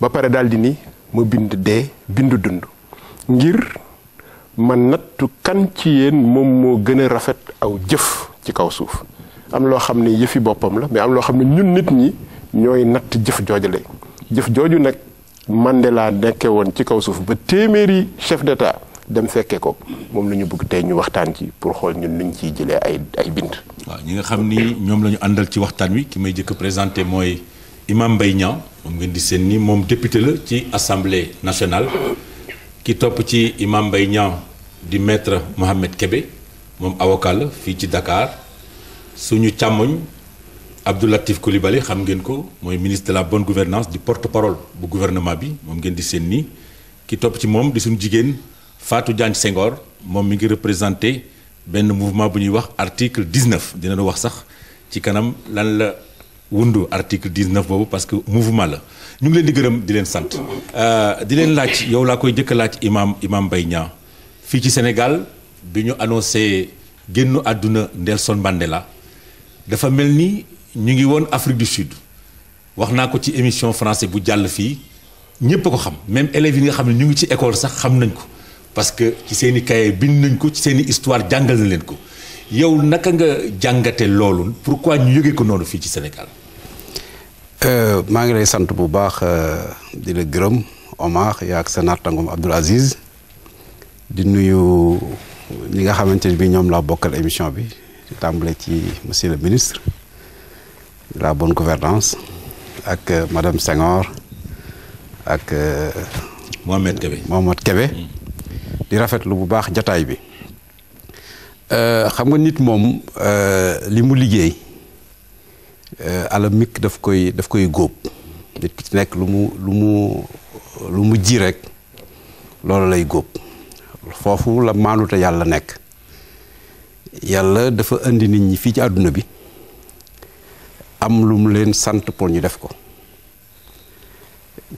ba pare daal di ni ma bind dee bind dund ngir ma nattu kan ci yéen moom moo gën a rafet aw jëf ci kaw suuf am loo xam ne yëfi boppam la mais am loo xam ne ñun nit ñi ñooy natt jëf joojale jëf jooju nag Mandela nekke woon ci kaw suuf ba téeméeri chef de d'état dem fekkee ko moom la ñu bëgg tey ñu waxtaan ci pour xool ñun nuñ ciy jëlee ay ay bind. waaw ñi nga xam nii ñoom la ñu àndal ci waxtaan wi ki may jëkk présenté mooy. Imam Baye Niang moom député la ci assemblée nationale qui topp ci Imam Baye Niang du maître Mohamed Kébé mon avocat ici ci Dakar suñu càmmoñ Abdoulatif Latif xam ngeen ko ministre de la bonne gouvernance du porte-parole du gouvernement bi moom ngeen di seen ni ki topp ci moom di suñu Fatou Diagne Senghor moom mi ngi représenté mouvement bu article 19 dinañu wax sax ci kanam lan la article 19 parce que mouvement la ñu ngi leen di gërëm di leen sant euh, di leen imam imam fi Sénégal bi ñu annoncé Nelson Mandela dafa melni ñu ngi won Afrique du Sud wax ko ci émission français bu jall Nous ñepp ko xam même élèves yi nga xam ñu ngi ci école parce que ci une cahier ko ci histoire leen ko yow naka nga pourquoi ñu yëgee ko Sénégal euh, maa ngi lay sant bu baax euh, di la gërëm Omar yaa ak sa Aziz di nuyu ñi nga xamante ne bi ñoom laa bokkal émission bi di ci monsieur le ministre de la bonne gouvernance ak euh, madame Senghor ak. Mohamed Kébé Mohamed Kébé mm. di rafetlu bu baax jataay bi xam nga nit moom li mu liggéey. Euh, alamik daf koy daf koy góob nit ki ci nekk lu mu lu mu lu mu ji rek loolu lay góob foofu la maanute yàlla nekk yàlla dafa indi nit ñi fii ci àdduna bi am lu mu leen sant pour ñu def ko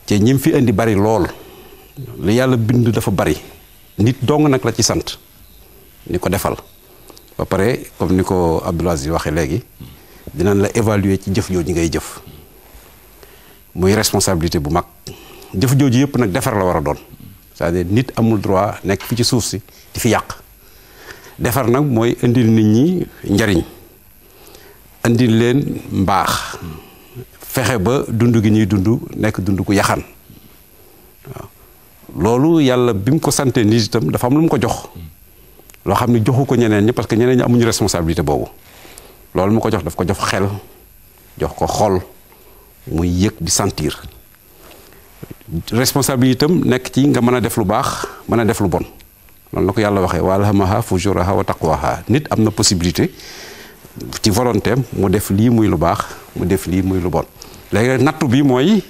te ñim fi indi bari lool lu yàlla bind dafa bari nit dong nag la ci sant ni ko defal ba pare comme ni ko Abdoul yi waxe léegi dinañ la évaluer ci jëf jooju ngay jëf muy responsabilité bu mak jëf jooju yépp nag defar la wara doon c'est-à-dire nit amul droit naik fi ci suuf si di fi yàq defar nag mooy andil nit ñi njariñ indil leen mbaax fexe ba dundu gi ñuy dund nekk dund ku yaxan waaw loolu yàlla bi mu ko sante nit itam dafa am lu ko jox loo xam ne ñeneen ñi parce que ñeneen ñi amuñu responsabilité lol mu ko jox daf ko jox xel jox ko xol muy yëg di sentir responsabilité am nekk ci nga mën def lu baax mën def lu bon lol la ko yàlla waxee wa alhamaha fujuraha wa taqwaha nit am na possibilité ci volonté mu def li muy lu baax mu def li muy lu bon léegi nattu bi mooy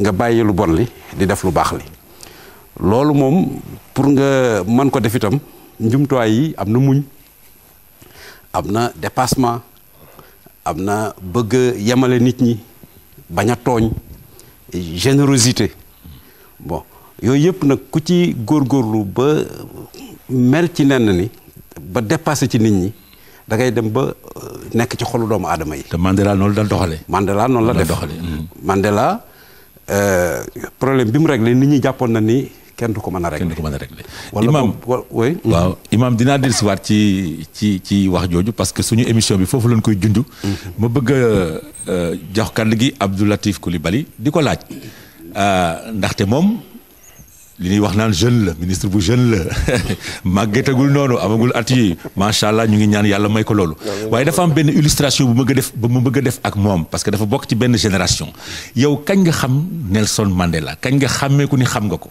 nga bàyyi lu bon li di def lu baax li loolu moom pour nga man ko def itam njumtuwaay yi am muñ am na dépassement am na bëgg yemale nit ñi bañ a tooñ générosité bon yooyu yëpp nag ku ci góor góorgóorlu ba mel ci nenn ni ba dépassé ci nit ñi da ngay dem ba euh, nekk ci xolu doomu aadama yi. te Mandela noonu la doxalee. Mandela noonu la def Mandela euh, problème bi mu réglé nit ñi jàppoon na ni. kenn du ko mën a régler kenn du ko mën a régler wala imaam waaw imaam dinaa dellusiwaat ci ci ci wax jooju parce que suñu émission bi foofu lañ koy junj mhm. ma bëgg a euh, jox kàddu gi Abdou Latif Coulibaly di ko laaj euh, ndaxte moom li ñuy wax naan jeune la ministre bu jeune la màggetagul noonu amagul at yi macha allah ñu ngi ñaan yàlla may ko loolu. waaye dafa am benn illustration bu bëgg a def ba mu bëgg def ak moom parce que dafa bokk ci benn génération. yow kañ nga xam Nelson Mandela kañ nga xàmmee ku ni xam nga ko.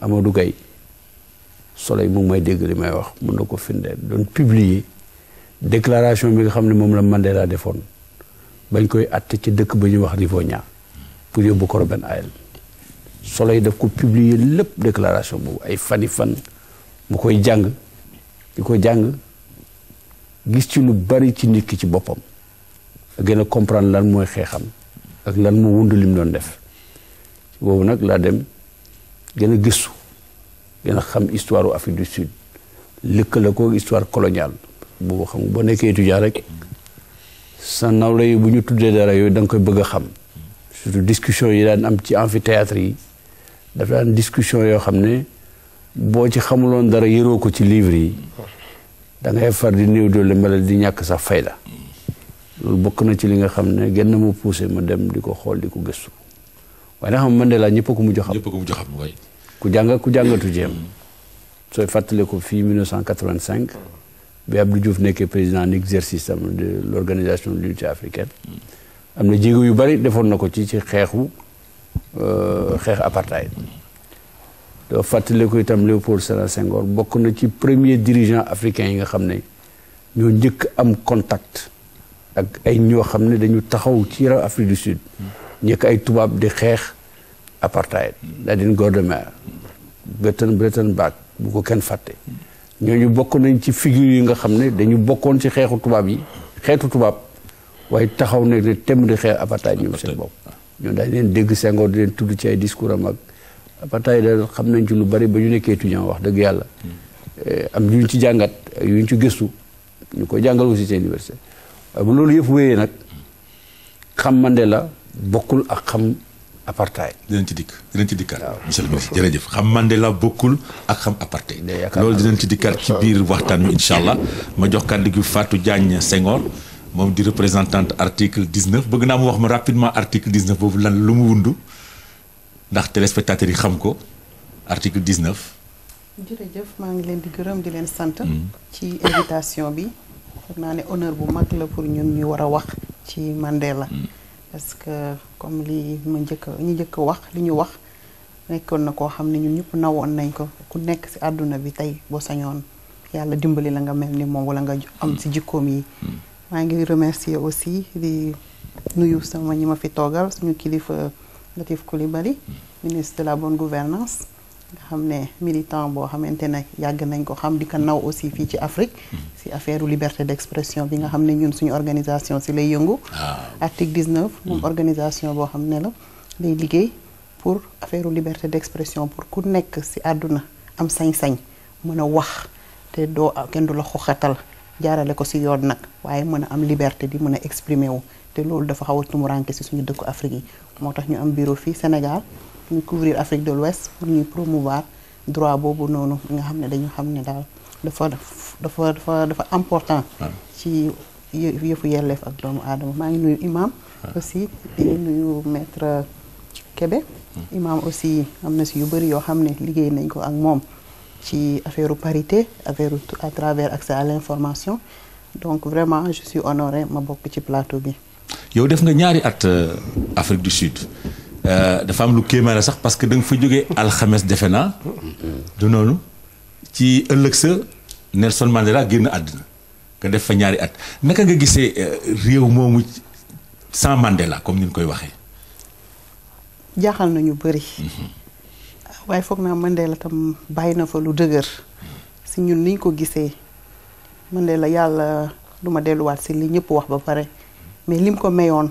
amadou gay soleil mu may dégg li may wax mën na finde don publier déclaration bi nga xam ne la mandela defoon bañ koy atte ci dëkk ba ñuy wax rivonia pour yóbbu ko robben ayel soleil daf ko publier lépp déclaration boobu ay fani fan mu koy jang di ko jàng gis ci lu bari ci nit ki ci boppam gën a comprendre lan mooy xeexam ak lan mu wund lim def boobu nag laa dem gën a gëstu gën a xam histoire Afrique du Sud lëkkale ko histoire coloniale boo xam boo nekkee étudiant rek sa nawle yi bu ñu tuddee dara yooyu da nga koy bëgg a xam surtout discussion yi daan am ci amphithéâtre yi dafa daan discussion yoo xam ne boo ci xamuloon dara yëroo ko ci livre yi da far di néew doole melal di ñàkk sax fay la loolu bokk na ci li nga xam ne genn mu poussé ma dem di ko xool di ko gëstu waaye nag xam nga Mandela ñëpp ko mujj xam. ñëpp ko mujj xam ku jàng ku jàngatu jéem. sooy ko fii 1985. bi Abdou Diouf nekkee président en exercice am de l' organisation de l' unité mm. am na jéego yu bari defoon na ko ci ci xeexu euh, xeex apartheid. doo fàttaliku itam Léopold Sédar Senghor bokk na ci premier dirigeant africain yi nga xam ne ñoo njëkk am contact ak ay ñoo xam ne dañu taxaw ci yaram Afrique du Sud. Mm. njëkk ay tubaab di xeex apartheid Nadine Gordimer Burton Burton Bag bu ko kenn fàtte ñoo ñu bokk nañ ci figure yi nga xam ne dañu bokkoon ci xeexu tubaab yi xeetu tubaab waaye taxaw ne ne temm di xeex apartheid ñoom seen bopp ñoom daañu leen dégg Senghor di leen tudd ci ay discours am ak apartheid da xam nañ ci lu bari ba ñu nekkee étudiant wax dëgg yàlla eh, am yuñ ci jàngat yuñ ci gëstu ñu ko jàngaloo si ci université waaye bu loolu yëpp wéyee Bukul ak xam apartheid dinañ ci dik, dinañ ci dikkaat monsieur le ministre jërëjëf xam Mandela bokkul ak xam apartheid loolu dinañ ci dikkaat ci biir waxtaan wi insha allah ma jox kàddu gi Fatou Diagne Senghor moom di représentante article 19 bëgg naa mu wax ma rapidement article 19 boobu lan lu mu wundu ndax téléspectateurs yi xam ko article 19 jërëjëf maa ngi leen di gërëm di leen sant hmm. ci invitation bi xam naa ne honneur bu mag la pour ñun ñu war a wax ci Mandela mm. parce que comme li ma njëkk ñu njëkk wax li ñu wax nekkoon na koo xam ne ñu ñëpp nawoon nañ ko ku nekk ci àdduna bi tey boo sañoon yàlla dimbali la nga mel ni moom wala nga am ci jikkoom yi hmm. maa ngi remercier aussi di nuyu sama ñi ma fi toogal suñu kilifa Latif bari hmm. ministre de la bonne gouvernance nga xam ne militant boo xamante ne yàgg nañ ko xam di ko naw aussi fii ci Afrique mm-hmm. si affaire liberté d'expression bi nga xam ne ñun suñu organisation si lay yëngu ah. article 19 mm-hmm. moom organisation boo xam ne la day liggéey pour affaire liberté d'expression pour ku nekk si adduna am sañ-sañ mën a wax te doo kenn du la xoxatal jaarale ko si yoon nag waaye mën a am liberté di mën a exprimer wu te loolu dafa xaw a tumuranke si suñu dëkku Afrique yi moo tax ñu am bureau fii Sénégal nous couvrir Afrique de l'Ouest pour nous promouvoir droit à noonu nga xam ne dañu xam ne dafa dafa dafa important ah. ci yëfu yelleef ak doomu aadama maa ngi nuyu imam ah. aussi di nuyu maître Kébé hmm. imam aussi nous, na si yu bëri yoo xam ne liggéey nañ ko ak moom ci affaire parité affaire à travers accès à l'information donc vraiment je suis honoré ma bokk ci plateau bi yow def nga ñaari at euh, Afrique du Sud Euh, dafa am lu kéemaane sax parce que da nga fa jógee alxames defe naa du noonu ci ëllëg sa Nelson Mandela génn àddina nga def fa ñaari at naka nga gisee euh, réew moomu sans Mandela comme ni ñu koy waxee. jaaxal ñu bëri. Mm-hmm. waaye foog naa Mandela tam bàyyi na fa lu dëgër si ñun niñ ko gisee Mandela yàlla duma delluwaat si li ñëpp wax ba pare mais lim ko mayoon.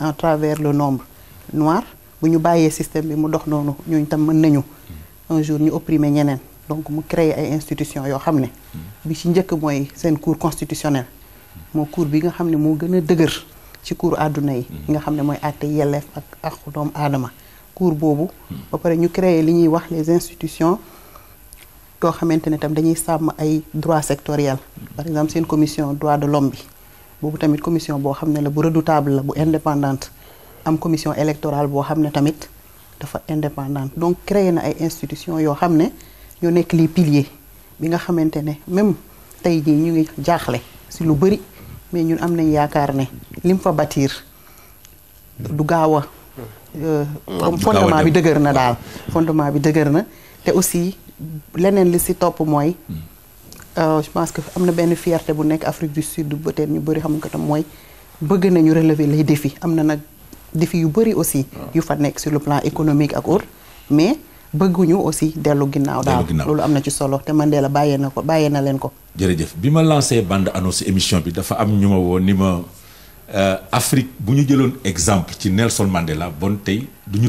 en travers le nombre noir bu ñu bàyyee système bi mu dox noonu ñooñu tam mën un jour ñu opprimer ñeneen donc mu créer ay institutions yoo xam ne bi ci njëkk mooy seen cour constitutionnel moo cour bi nga xam ne moo gën a dëgër ci cour àdduna yi nga xam ne mooy àtte yelleef ak aqu doomu aadama cour boobu ba pare ñu créer li ñuy wax les institutions yoo xamante ne tam dañuy sàmm ay droits sectoriels par exemple seen commission droit de l'homme bi boobu tamit commission boo xam ne la bu redoutable la bu indépendante am commission électorale boo xam ne tamit dafa indépendante donc créer na ay institutions yoo xam ne ñoo nekk les piliers bi nga xamante ne même tey jii ñu ngi jaaxle si lu bëri mais ñun am nañ yaakaar ne lim fa bâtir du gaaw a comme euh, fondement bi dëgër na daal fondement bi dëgër na te aussi leneen li si topp mooy hmm. Euh, je pense que nous sommes fierté bu Afrique du Sud bu peut ñu bëri xam les défis défis yu aussi. Ah. yu fa sur le plan économique ak autre mais bëgguñu aussi delu ginnaw daal lolu amna Mandela na bande annonce émission bi dafa am ñuma wo euh, Afrique exemple Nelson Mandela bon du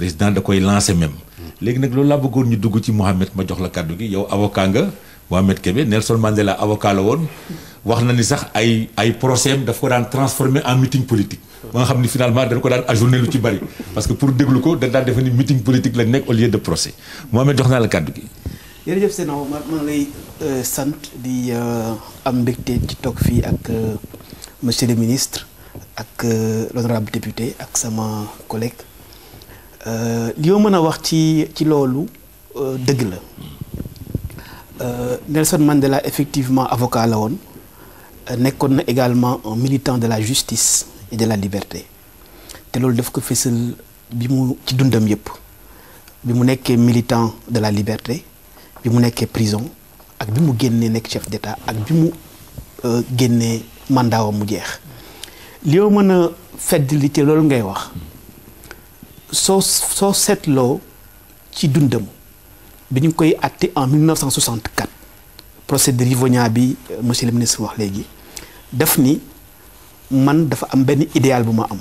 président da koy lancer même. léegi nag loolu laa bëggoon ñu dugg ci Mouhamed ma jox la kàddu gi yow avocat nga Mohamed kebe Nelson Mandela avocat la woon. wax na ni sax ay ay procès am daf ko daan transformer en meeting politique. ba nga xam ni finalement dañ ko daan ajourné lu ci bari. parce que pour déglu ko da daan defe ni meeting politique lañ nekk au lieu de procès Mohamed jox naa la kàddu gi. jërëjëf sëñ Omar maa ngi lay euh, sant di euh, am mbégte ci toog fii ak euh, monsieur le ministre ak l'honorable député ak sama collègue. Euh, li ma mën a wax ci ci loolu euh, dëgg la euh, Nelson Mandela effectivement avocat la woon nekkoon na également un militant de la justice et de la liberté te loolu daf ko fësal bi mu ci dundam yëpp bi mu nekkee militant de la liberté bi mu nekkee prison ak bi mu génnee nekk chef d'état ak bi mu génnee mandat wam mu jeex li ma mën a ngay wax soo soo seetloo ci dundam ben nous koy acté en 1964 procès de Rivonia bi euh, monsieur le ministre wax léegi daf ni man dafa am ben idéal bu ma am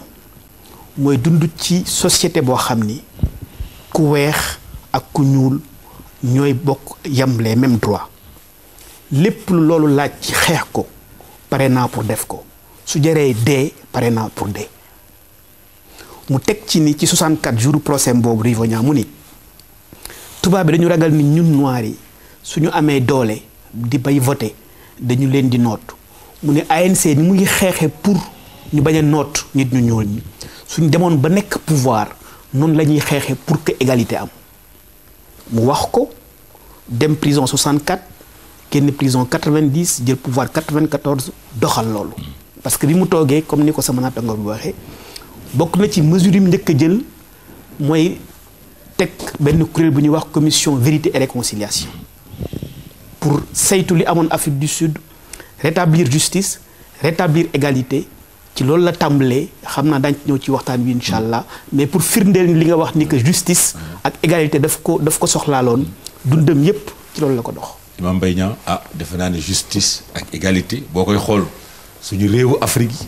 moy dund ci société bo xamni ni ku weex ak ku ñuul ñoy bok yam les mêmes droits lépp lu lolu laaj ci xeex ko pare naa pour def ko su jéré dé pare pour dé mu teg ci ni ci 64 jours procès boobu Rivogna mu ni tubaab bi dañu ragal ni ñun noir yi ñu amee doole di bay voté dañu leen di noot mu ne ANC ni mu ngi xeexe pour ñu bañ a noot nit ñu ñuul ñi suñ demoon ba nekk pouvoir noonu la ñuy xeexe pour que égalité am mu wax ko dem prison 64 génn prison 90 jël pouvoir 94 doxal loolu parce que bi mu toogee comme ni ko sama naataango bi waxee bokk na ci mesure yi mu njëkk a jël mooy teg wax commission vérité et réconciliation pour saytu li amoon Afrique du Sud rétablir justice rétablir égalité ci lolou la tàmbalee xamna dañ ci ñëw ci waxtaan wi mais pour firndel li nga wax ni que justice ak égalité daf ko daf ko soxlaaloon dundem yépp ci lolou la ko dox. Imam Mbaye ah defe naa justice ak égalité boo xol suñu réewu Afrique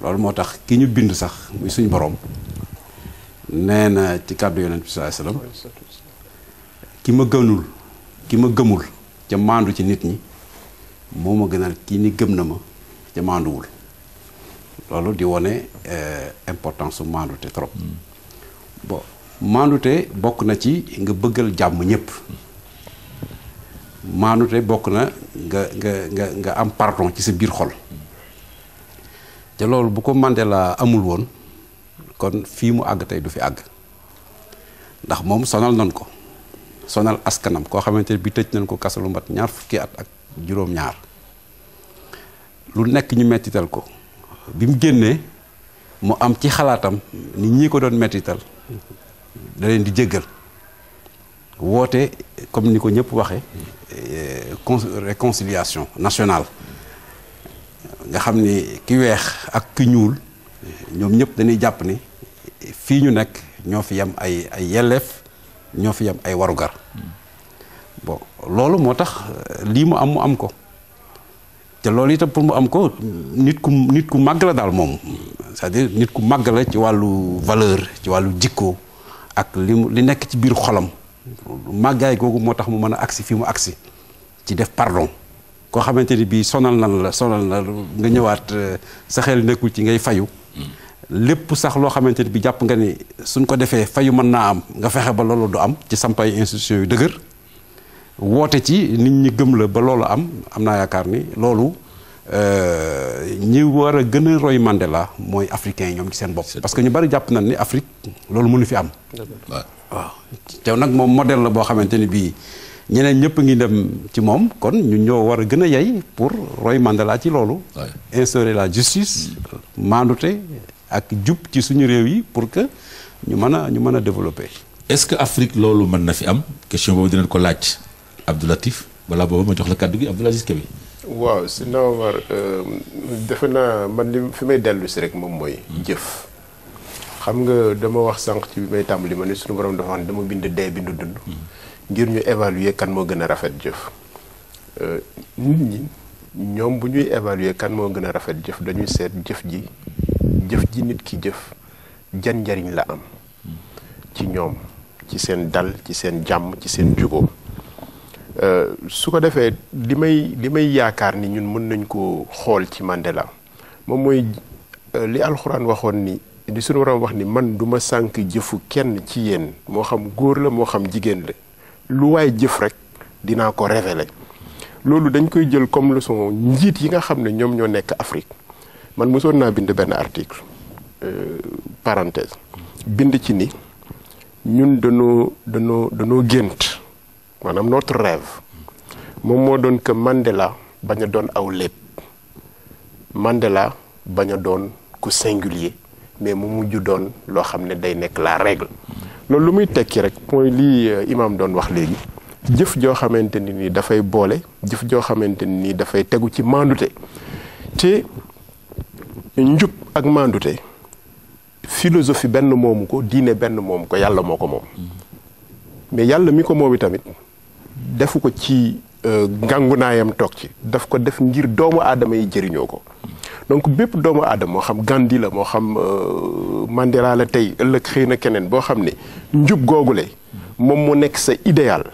Lalu moo tax ki ñu bind sax muy suñ borom nee na ci kàddu yonent bi sallallahu alayhi wasallam ki ma gënul ki ma gëmul ca maandu ci nit ñi moo gënal kii ni gëm na ma ca maanduwul loolu di wone eh, importance su maandute trop bon maandute bokk na ci nga bëggal jàmm ñëpp maandute bokk na nga nga nga am pardon ci sa bir xol te loolu bu ko Mandela amul woon kon fii mu àgg tey du fi àgg ndax moom sonal nañ ko sonal askanam koo xamante ne bi tëj nañ ko kasalu mbat ñaar fukki at ak juróom-ñaar lu nekk ñu mettital ko bi mu génnee mu am ci xalaatam nit ñi ko doon mettital daleen di jéggal woote comme ni ko ñëpp waxee eh, réconciliation national nga xam ni ki weex ak ki ñuul ñoom ñëpp dañuy jàpp ni fii ñu nekk ñoo fi yam ay ay yelleef ñoo fi yam ay warugar bon loolu moo tax euh, lii mu am mu am ko te loolu itam pour mu am ko nit ku nit ku màgg la daal moom cest à nit ku màgg la ci wàllu valeur ci wàllu jikko ak li mu li nekk ci biir xolam màggaay googu moo tax mu mën a agsi fii mu agsi ci def pardon koo xamante ni bii sonal nan la sonal na nga ñëwaat euh, sa xel nekkul ci ngay fayu mm. lépp sax loo xamante ni bi jàpp nga ni suñ ko defee fayu mën naa am nga fexe ba loolu du am ci sampay institution yu dëgër woote ci nit ñi gëm la ba loolu am am naa yaakaar ni loolu euh, ñi war a gën a roy Mandela mooy africain ñoom ci seen bopp parce que ñu bari jàpp nañ ni Afrique loolu mënu fi am waaw nag moom modèle la boo xamante ni bii ñeneen ñëpp ngi dem ci moom kon ñu ñoo war a gën a yey pour roy Mandela ci loolu. instaurer la justice. maandute ak jub ci suñu réew yi pour que ñu mën a ñu mën a développer. est-ce que Afrique loolu mën na fi am question boobu dinañ ko laaj Abdou Latif balaa boobu ma jox la kàddu gi Abdou Aziz Kébé. waaw sëñ Omar euh, defe naa man li fi may dellu si rek moom mooy. Hmm. jëf. xam nga dama wax sànq ci bi may tàmbali ma ne suñu borom dafa xam ne dama bind dee bindu dund. Hmm. ngir ñu évaluer kan moo gën a rafet jëf euh, nit ñi ñoom bu ñuy évaluer kan moo gën a rafet jëf dañuy seet jëf ji jëf ji nit ki jëf jan njariñ la am ci ñoom ci seen dal ci seen jàmm ci seen jubóo euh, su ko defee li may li may yaakaar ni ñun mën nañ koo xool ci Mandela moom mooy euh, li alxuraan waxoon ni di suñu waram wax ni man duma ma sànk jëfu kenn ci yéen moo xam góor la moo xam jigéen la lu waay jëf rek dinaa ko révéler loolu dañ koy jël comme leçon njiit yi nga xam ne ñoom ñoo nekk Afrique man mosoon naa bind benn article euh, parenthèse bind ci ni ñun danoo danoo danoo gént maanaam notre rêve moom moo doon que Mandela bañ doon aw lépp Mandela baña doon ku singulier mais mu mujj doon loo xam ne day nekk la règle loolu lu muy tekki rek mooy lii euh, imaam doon wax léegi jëf joo xamante ni ni dafay boole jëf joo xamante ni nii dafay tegu ci maandute te njub ak maandute philosophie benn moomu ko diine benn moomu ko yàlla moo ko moom mais yàlla mi ko moom i defu ko ci ngàngu euh, naayam toog ci daf ko def ngir doomu aadama yi jëriñoo ko donc bépp doomu aadama moo xam Gandhi la moo xam euh, Mandela la tey ëllëg xëy na keneen boo xam ne njub googule moom mu nekk sa idéal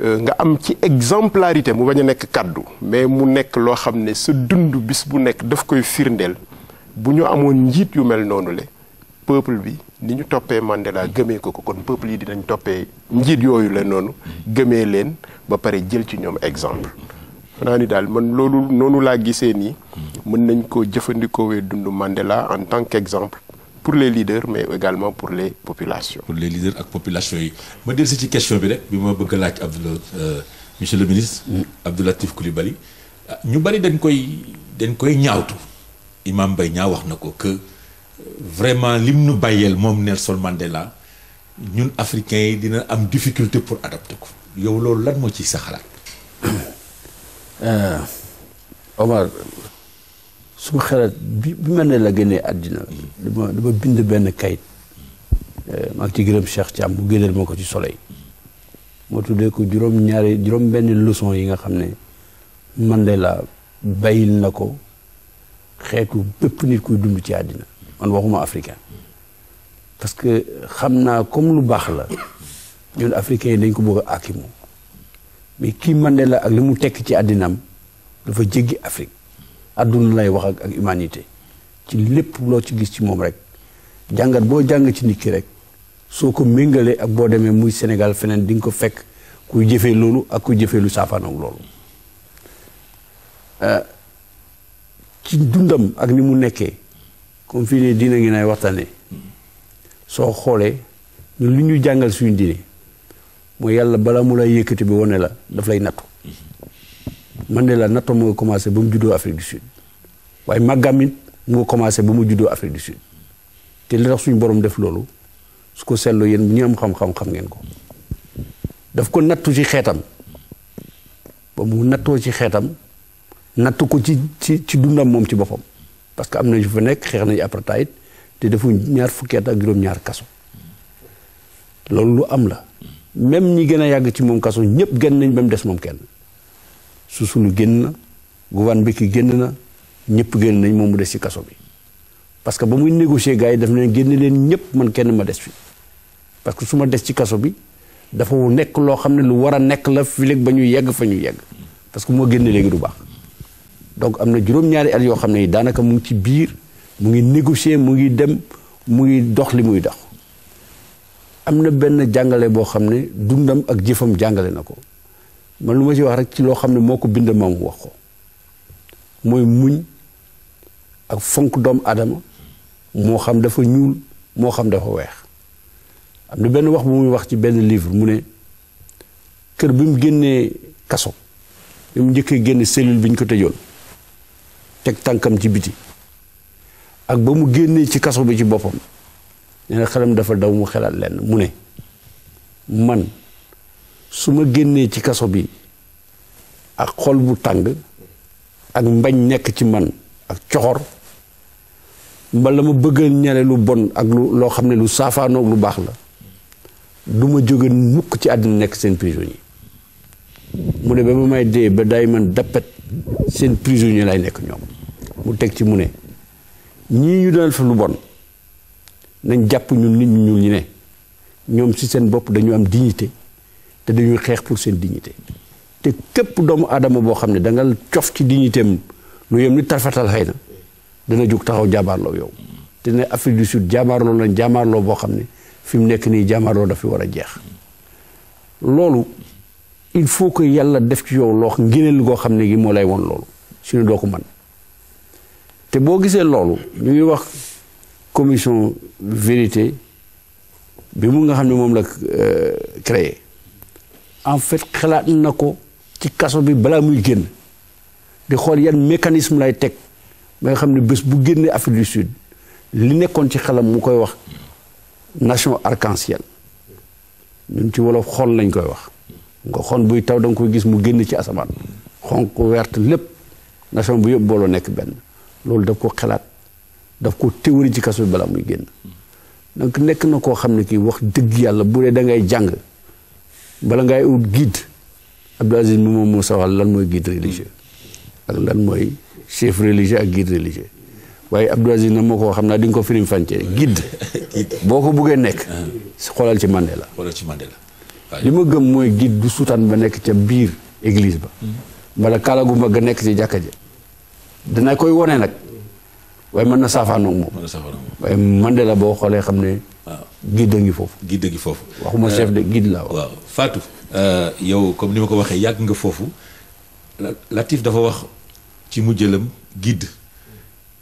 euh, nga am ci exemplarité mu bañ a nekk kàddu mais mu nekk loo xam ne sa dund bis bu nekk daf koy firndeel bu ñu amoon njiit yu mel noonu le peuple bi ni ñu topé Mandela gëmé ko ko kon peuple yi dinañ topé, njiit yoyu la nonu gëmé leen ba paré jël ci ñom exemple fanani ni man loolu nonu la gisee ni mën nañ ko wé dundu Mandela en tant qu'exemple pour les leaders mais également pour les populations. pour les leaders ak population yi ma dellu ci ci question bi rek bi ma bëgg a laaj euh, monsieur le ministre. Mm. Abdou Latif Coulibaly ah, ñu bari dañ koy dañ koy ñaawtu Imam bay ñaaw wax na ko que vraiment lim nu bàyyeel moom Nelson Mandela ñun africains yi dina am difficulté pour adapter ko yow loolu lan moo ci sa xalaat. Euh, Omar suma xalaat bi bi ma ne la génnee àddina dama dama bind benn kayit euh, maa ngi ci gërëm Cheikh Thiam bu génneel ma ci soleil moo tuddee ko juróom ñaari juróom benn leçon yi nga xam Mandela bàyyil nako ko xeetu bépp nit kuy dund ci àddina man waxuma africain parce que xam naa comme lu baax la ñun africain dañ ko bëgg a akimu mais kii la ak li mu tekk ci àddinam dafa jéggi Afrique àdduna lay wax ak ak humanité ci lépp loo ci gis ci moom rek jàngat boo jàng ci nit rek soo ko méngalee ak boo demee muy Sénégal feneen di nga ko fekk kuy jëfee loolu ak kuy jëfee lu saafaanoog loolu euh, ci dundam ak ni mu nekkee comme fii nii diina ngi nay waxtaane soo xoolee ñu li ñu jàngal suñu diine mooy yàlla bala mu lay yëkkati bi wane la daf lay nattu Mandela nattu mu nga commencé ba mu juddoo Afrique du Sud waaye màggamit mu nga commencé mu Afrique du Sud li tax suñu borom def loolu su ko seetloo kam kam am xam-xam xam ngeen ko daf ko nattu ci xeetam ba mu nattoo ci xeetam nattu ko ci ci dundam moom ci parce que amna nañu fa nekk xeex nañu apartheid te defu ñaar fukki ak juróom-ñaar kaso loolu lu am la même ñi gën a ci moom kaso ñëpp gën nañ ba mu des moom kenn susulu génn na gouvernement bi ki génn na ñëpp génn nañ moom mu des ci kaso bi parce que ba muy négocier gars yi daf leen génn leen ñëpp man kenn ma des fi parce que des ci kaso bi dafa nekk loo lo ne lu wara a la filig ba yegg fa yegg parce que moo génn du baax donc am na juróom-ñaari at yoo xam ne daanaka mu ngi ci biir mu ngi négocier mu ngi dem mu ngi dox li muy dox am na benn jàngale boo xam ne dundam ak jëfam jàngale na ko man lu ma ci wax rek ci loo xam ne moo ko bind maam wax ko muñ ak fonk doomu aadama moo xam dafa ñuul moo xam dafa weex am na benn wax bu muy wax ci benn livre mu ne kër bi mu génnee kaso bi mu njëkkee génn cellule bi ñu ko tëjoon teg tànkam ci biti ak ba mu génnee ci kaso bi ci boppam nee xelam dafa daw mu xelaat lenn mu ne man su ma génnee ci kaso bi ak xol bu tàng ak mbañ nekk ci man ak coxor mbal la ma bëgga ñale lu bon ak lu loo xam ne lu saafaanoog lu baax la du ma jóge mukk ci àddina nekk seen prisonnier mu ne ba ma may dee ba day man dappet seen prisonnier lay nekk ñoom mu teg ci mu ne ñii ñu doon fa lu bon nañ jàpp ñun nit ñu ñuul ñi ne ñoom si seen bopp dañu am dignité te dañuy xeex pour seen dignité te képp doomu aadama boo xam ne danga cof ci dignitéem lu yem ni tarfatal xëy na dana jóg taxaw jaabaarloo yow te ne Afrique du Sud jaabaarloo lañ jaabaarloo boo xam ne fi mu nekk nii jaabaarloo dafi war a jeex loolu il faut que yalla def ci yow loo ngëneel goo xam ne gi moo lay won loolu suñu doo man té bo gisé loolu ñu ngi wax commission vérité bi mu nga xam mom la euh, créé en fait xalaat nako ko ci kaso bi balaa muy genn di xol yeen mécanisme lay tek ba nga xam ne bu genné Afrique du Sud li nekkoon ci xalam mu koy wax nation arc-en-ciel ñun ci wolof xol lañ koy wax nga xon buy taw da nga koy gis mu génn ci asamaan xonq wert lépp nation bu yëpp booloo nekk benn loolu daf ko xalaat daf ko théorie ci kaso bi balaa muy génn donc nekk na koo xam ne kii wax dëgg yàlla bu dee da ngay jàng bala ngay ut guide Abdou Aziz mi moom moo sawal lan mooy guide religieux ak lan mooy chef religieux ak guide religieux waaye Abdou Aziz na moo ko xam naa di nga ko firim fàncee gidd boo ko buggee nekk ah. xoolal ci Mandela xoolal ci Mandela li ma gëm mooy guide du suutaan ba nekk ca biir église ba mm-hmm. mbala kaalaguma ga nekk ci jàkka ja dana koy wone nag waaye mën na saafaanoog moom waaye man de la boo xoolee xam ne guide a ngi foofu guide a ngi foofu waxuma euh, chef de guide laa wax faatu Fatou euh, yow comme li ma ko waxee yàgg nga foofu Latif dafa wax ci mu jëlam giid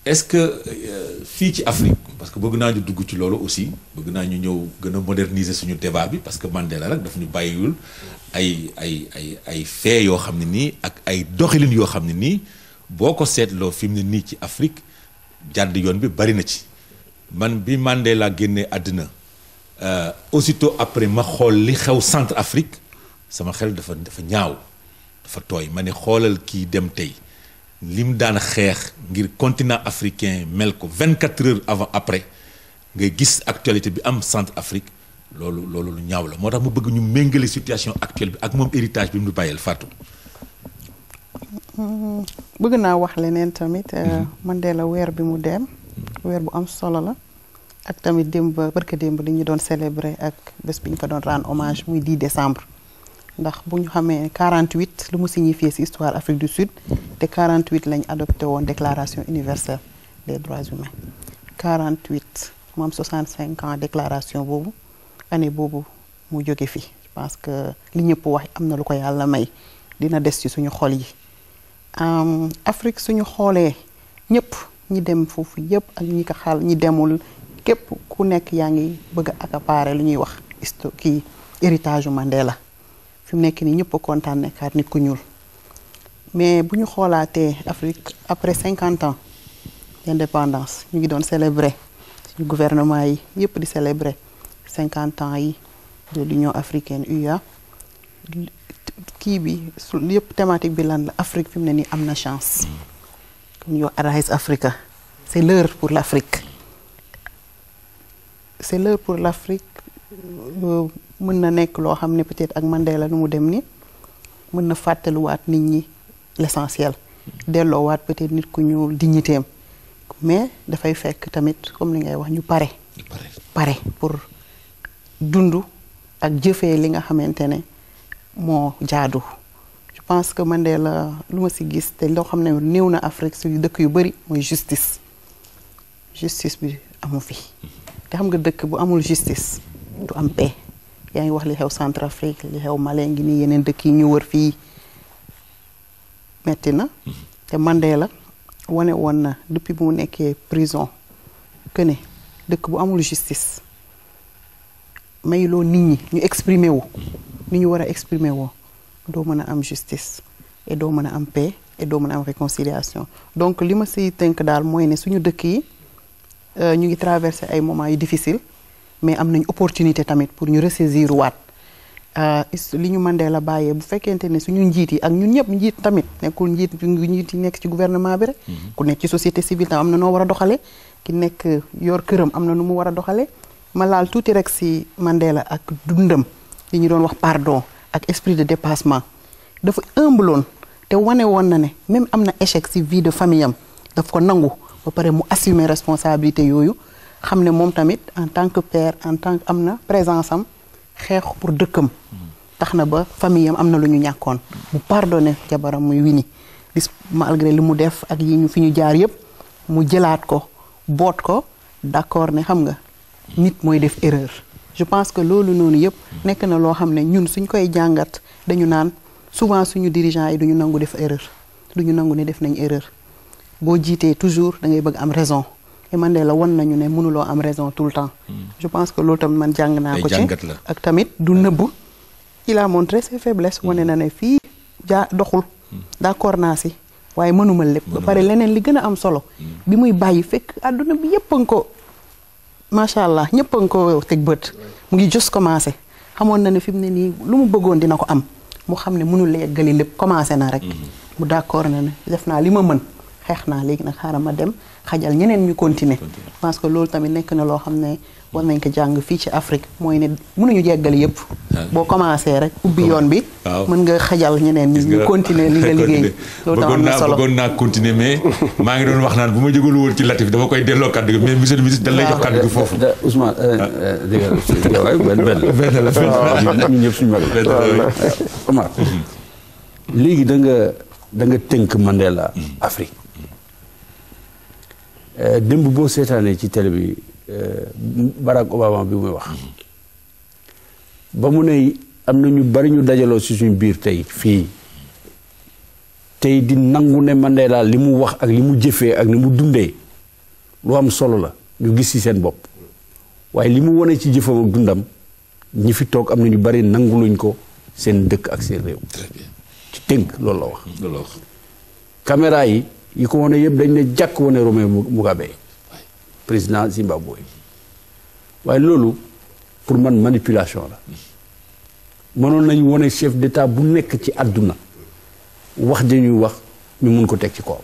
est-ce que euh, fii ci Afrique parce que bëgg naa ñu dugg ci loolu aussi bëgg naa ñu ñëw gën a suñu débat bi parce que Mandela rek daf ñu bàyyiwul ay ay ay ay fee yoo xam ne nii ak ay doxilin yoo xam ne nii boo ko seetloo fi mu ne nii ci Afrique jàdd yoon bi bari na ci man bi laa génnee àddina euh, aussitôt après ma xool li xew Centre Afrique sama xel dafa dafa ñaaw dafa tooy ma ne xoolal kii dem tey Lim daan xeex ngir continent africain mel ko 24 heures avant après ngay gis actualité bi am centre Afrique loolu loolu lu ñaaw la moo tax mu bëgg ñu méngale situation actuelle bi ak moom héritage bi mu bàyyeel Fatou. Mm-hmm. bëgg naa wax leneen tamit. Euh, mm-hmm. man de la weer bi mu dem. weer bu am solo la. ak tamit démb barke démb li ñu doon célébrer ak bés bi ñu ko doon rendre hommage muy 10 décembre ndax buñu xamé 48 lu mu signifie histoire Afrique du Sud té 48 lañ adopté woon déclaration universelle des droits humains 48 moom 65 ans déclaration bobo, année bobo, mu fi je pense que li ñëpp wax amna lu ko yalla may dina Afrique suñu ñi dem ak ñi ko xal ñi demul képp ku nekk bëgg héritage Mandela fi mu nekk nii ñëpp a kontaan nekkaat nit ku mais bu ñu xoolaatee Afrique après 50 ans d'indépendance ñu ngi doon célébrer gouvernement yi yëpp di célébrer 50 ans yi de l'Union africaine UA kii bi su thématique bi lan la Afrique fi chance comme yow Arise Africa c'est l'heure pour l'Afrique c'est l'heure pour l'Afrique Euh, mën na nekk loo xam ne peut-être ak Mandela nu mu dem nii mën na fàttaliwaat nit ñi l'essentiel delloowaat peut-être nit ku ñuul dignitéem mais dafay fekk tamit comme li ngay wax ñu pare pare pour dund ak jëfe li nga xamante ne moo jaadu je pense que Mandela lu ma si gis te loo xam ne néew na Afrique su dëkk yu bari mooy justice justice bi amu fi te xam nga dëkk bu amul justice du am paix yaa ngi wax li xew Centrafrique li xew Mali ngi nii yeneen dëkk yi ñu wër fii metti na te Mandela wane woon na depuis bu mu nekkee prison que ne dëkk bu amul justice mayiloo nit ñi ñu exprimer wu ni ñu war a exprimer woo doo mën a am justice et doo mën a am paix et doo mën a am réconciliation donc li ma si tënk daal mooy ne suñu dëkk yi euh, ñu ngi traversé ay moments yu difficile mais am une opportunité tamit pour ñu ressaisir waat euh, li ñu mandé la bayé bu avons né suñu ak ñun tamit nekk ci gouvernement bi rek mm-hmm. ku ci société civile tam am na noo ki nekk yor kërëm amna mu a ma laal rek si Mandela ak dundam li ñu wax pardon ak esprit de dépassement dafa avons te wane woon na même am na échec vie de famille am daf ko nangu ba mu assumer responsabilité yooyu xamne mom tamit en tant que père en tant que amna na présence am xeex pour deukum taxna ba famille am am na lu mu pardonné jabaram muy wini gis malgré limu def ak yi ñu fi jaar yëpp mu jëlaat ko bot ko d'accord ne xam nga nit moy def erreur je pense que lolu noonu yëpp nek na lo xam ñun suñ koy jàngat dañu naan souvent suñu dirigeants yi duñu nangu def erreur duñu nangu ne def nañ erreur bo jité toujours da ngay bëgg am raison et Mandela nañu am raison tout le temps. Hmm. je pense que l'autre man ko ci ak tamit il a montré ses faiblesses faiblesses. Hmm. na ne montré hmm. ses d'accord a si ses mënuma lepp ba paré li am solo. bi muy bayyi fekk ses bi il a ko machallah ko il a mu juste commencer xamone na ne fim Il ne montré lu mu il dina ko am mu xamné ne montré na d'accord def li dem. xajal ñeneen ñu continuer parce que loolu tamit nekk na loo xam ne war nañ ko jàng fii ci Afrique mooy ne mënuñu jeggal yëpp ah. boo commencé rek ubbi yoon bi mën nga xajal ñeneen ñu continuer li nga liggéey loolu tam am na solo bëggoon naa continuer mais maa ngi doon wax naan bu ma jógul ci Latif dama koy delloo kàddu mais monsieur le ministre dañ lay jox kàddu gi Ousmane euh, ah. euh, dëgg la benn benn la ñu ñëpp suñu mag la da nga da nga tënk Mandela hmm. Afrique Euh, démb boo seetaanee ci télé bi euh, Barack Obama bi muy wax ba mu ne am na ñu bari ñu dajaloo si suñ biir tey fii tey di nangu ne Mandela li mu wax ak li mu jëfee ak li mu dundee lu am solo la ñu gis ci seen bopp waaye li mu wone ci jëfam ak dundam ñi fi toog am na ñu bari nanguluñ ko seen dëkk ak seen réew. ci loolu la wax. loolu yi. yi ko wane yëpp dañ ne jàkk wane Romain Mugabe président Zimbabwe way lolu pour man manipulation la mënoon nañu woné chef d'état bu nek ci aduna wax dañu wax ñu mun ko tek ci ko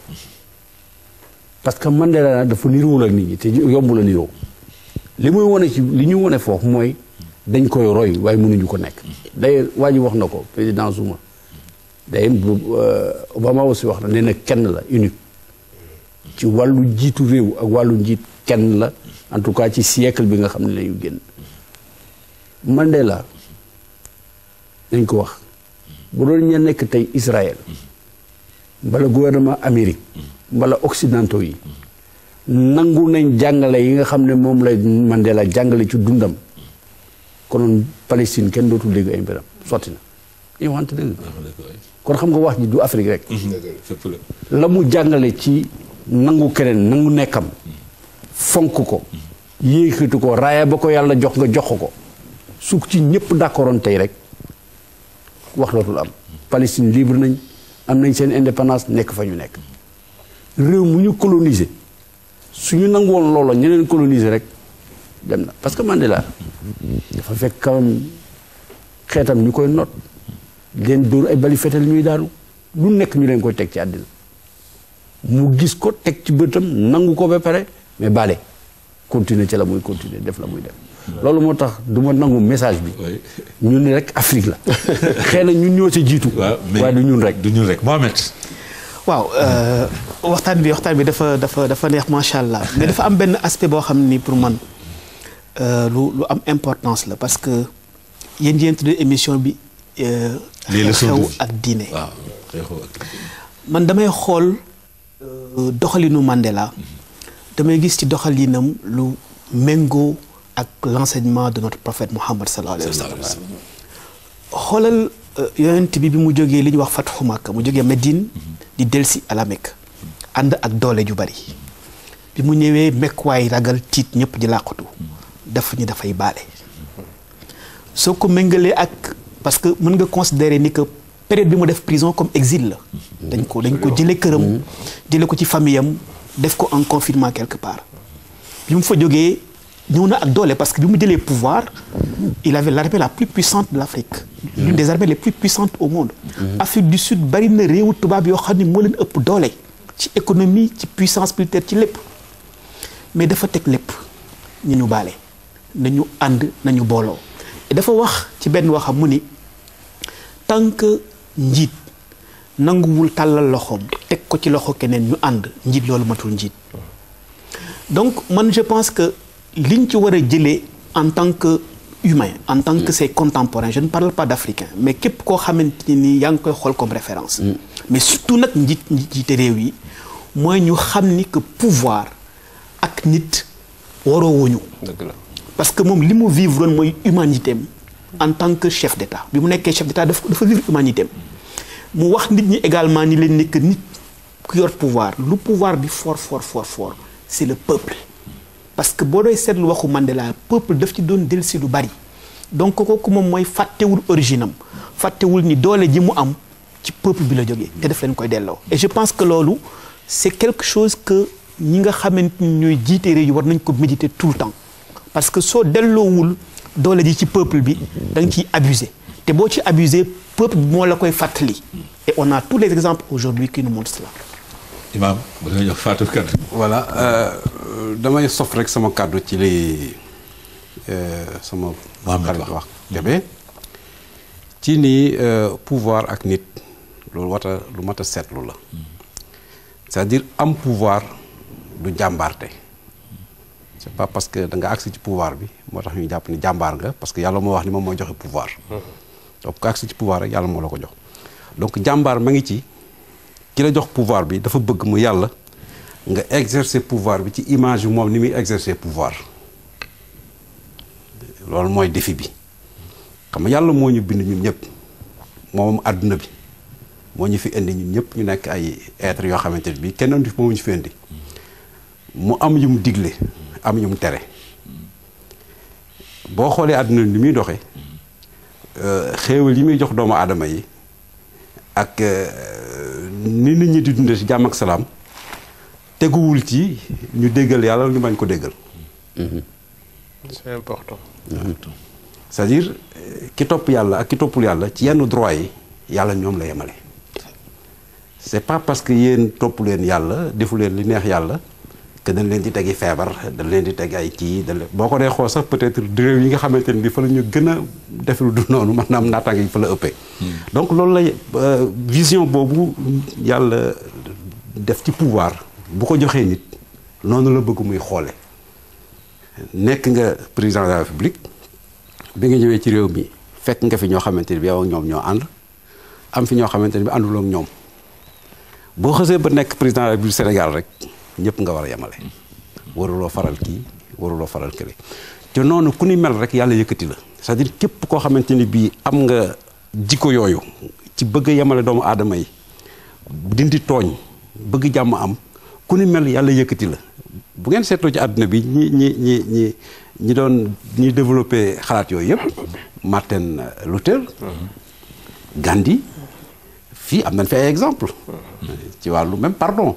parce que Mandela dafa niroowul ak nit ñi té yombu la niroo li muy wane ci li ñu woné foofu moy dañ koy roy waaye mënuñu ko nek d'ailleurs waa wax nako président Zuma d'ailleurs euh, Obama aussi wax na nee kenn la unique ci wàllu jiitu réew ak wàllu njiit kenn la en tout cas ci siècle bi nga xam ne lañu Mandela dañ ko wax bu doon ña nekk tey Israël mbala gouvernement Amérique mbala occidentaux yi nangu nañ jàngale yi nga xam ne lay Mandela jàngale ci dundam konoon Palestine kenn dootul dégg ay mbiram sotti na ñu waxante dëgg kon xam nga wax ji du Afrique rek la mu ci nangu keneen nangu nekkam fonk ko yéexatu ko raaya ba ko yàlla jox nga jox ko su ci ñëpp d'accordoon tey rek wax loolu am Palestine libre nañ am nañ seen indépendance nekk fa ñu nekk réew mu ñu coloniser suñu nangu woon loola ñeneen coloniser rek dem na parce que Mandela dafa fekk kawam xeetam ñu koy noot leen dóor ay bali fetal ñuy daanu lu nekk ñu leen koy teg ci àddina mu gis ko tek ci beutam ko mais bale continuer ci la muy continuer def la muy def lolou message bi ñun rek Afrique la xéna ñun ñoo ci jitu du ñun rek du ñun rek Mohamed waaw euh, waxtan bi bi mais dafa aspect pour man euh, importance la parce que yeen yéen de émission bi euh, xew ak man damay euh, doxalinu Mandela damay gis ci doxalinam lu mengo ak l'enseignement de notre prophète Mohammed sallallahu alayhi wasallam sallam xoolal euh, yonent bi bi mu jógee li wax fatxu Makka mu jógee Medine di delsi à la Mecque ak doole ju bari bi mu ñëwee way ragal tit ñëpp di laqatu daf ñu da fay balé soko mengalé ak parce que mën nga considérer ni que période bi mu def prison comme exil la. dañ ko dañ ko jëlee këram. Mm-hmm. jëlee ko ci famille def ko en confinement quelque part. bi mu fa jógee ñëw na ak doole parce que bi mu jëlee pouvoir il avait l'armée la plus puissante de l'Afrique. Mm-hmm. l'une des armées les plus puissantes au monde. Mm-hmm. Afrique du Sud bari na réewu tubaab yoo xam ne leen ëpp doole. ci économie ci puissance militaire ci lépp mais dafa tek lépp ñi ñu balé nañu and nañu booloo dafa wax ci ben waxam mu ni tant que njit nanguwul talal loxom tek ko ci loxo kenen ñu and njit loolu matul njit donc man je pense que liñ ci war a en tant que humain en tant que mm. ses contemporains je ne parle pas d'africain mais kep ko xamanteni ni yang koy xol comme référence mm. mais surtout nag njiit njiite rew yi moy ñu xamni que pouvoir ak nit waroo wuñu parce que mom limu vivre moy humanité en tant que chef d'État. état bi mu chef d'État état dafa vivre humanité mu wax nit ñi également ni leen nekk nit ku yor pouvoir Le pouvoir bi fort fort fort fort C'est le peuple parce que boo doy le waxu Le peuple daf ci doon dellusi lu bari donc kooku moom faté fàttewul originam, faté ou ni doole ji mu am ci peuple bi la jógee te def leen koy delloo et je pense que lolu, c'est quelque chose que ñi nga xamante ni ñooy jiite réew war nañ ko méditer tout le temps parce que soo wul, dans ji ci peuple bi da nga ciy abusé te boo ci abusé peuple bi la koy et on a tous les exemples aujourd'hui qui nous montrent cela imam avez fait Fatou kaddu voilà euh, damay sof rek sama kaddu ci li euh, sama xarit wax Kébé ci nii euh, pouvoir ak nit loolu wat a lu mat a seetlu la hmm. c'est-à-dire am pouvoir du jàmbaarte c'est pas parce que da nga agsi ci pouvoir bi moo tax ñu jàpp ni jàmbaar nga parce que yàlla moo wax ni moom mooy joxe pouvoir donc ku agsi ci la ko jox donc jàmbaar ma ngi ci ki la jox pouvoir bi dafa bëgg mu yàlla nga exercer pouvoir bi ci image bi moom ni muy exercer pouvoir loolu mooy défi bi xam nga yàlla moo ñu bind ñun ñëpp moom àdduna bi moo ñu fi indi ñun ñëpp ñu nekk ay être yoo xamante ne bii kenn du fi moom ñu fi indi mu am yu mu digle am ñum tere boo xoolee àdduna ni muy doxe euh, xéewal yi muy jox doomu aadama yi ak euh, ni nit ñi di dundee ci jàmm ak salaam teguwul ci ñu déggal yàlla ñu bañ ko déggal c'est important cest ki topp yàlla ak ki toppul yàlla ci yenn droit yi yàlla ñoom la yemale c'est pas parce que yéen topp leen yàlla defu leen li neex yàlla que dañ leen di tegi feebar dañ leen di teg ay kii dañ boo ko dee xool sax peut du réew yi nga xamante ne bi fa la ñu gën a def du noonu maanaam naataange yi fa la ëppee. Hmm. donc loolu lay euh, vision boobu yàlla def ci pouvoir bu ko joxee nit noonu la bëgg muy xoole nekk nga président de la république bi nga ñëwee ci réew mi fekk nga fi ñoo xamante ne bi yow ñoom ñoo ànd am fi ñoo xamante ne bi ànduloo ñoom boo xësee ba nekk président de la république Sénégal rek. ñëpp nga war a yemale. waruloo faral kii waruloo faral kële te noonu ku ni mel rek yàlla yëkkati la cest à képp koo xamante ni bii am nga jikko yooyu ci bëgg a yemale doomu aadama yi dindi tooñ bëgg jàmm am ku ni mel yàlla yëkkati la bu ngeen seetoo ci àdduna bi ñi ñi ñi ñi ñi doon ñi développé xalaat yooyu yëpp Martin Luther Gandhi fii am na fi ay exemple ci wàllu même pardon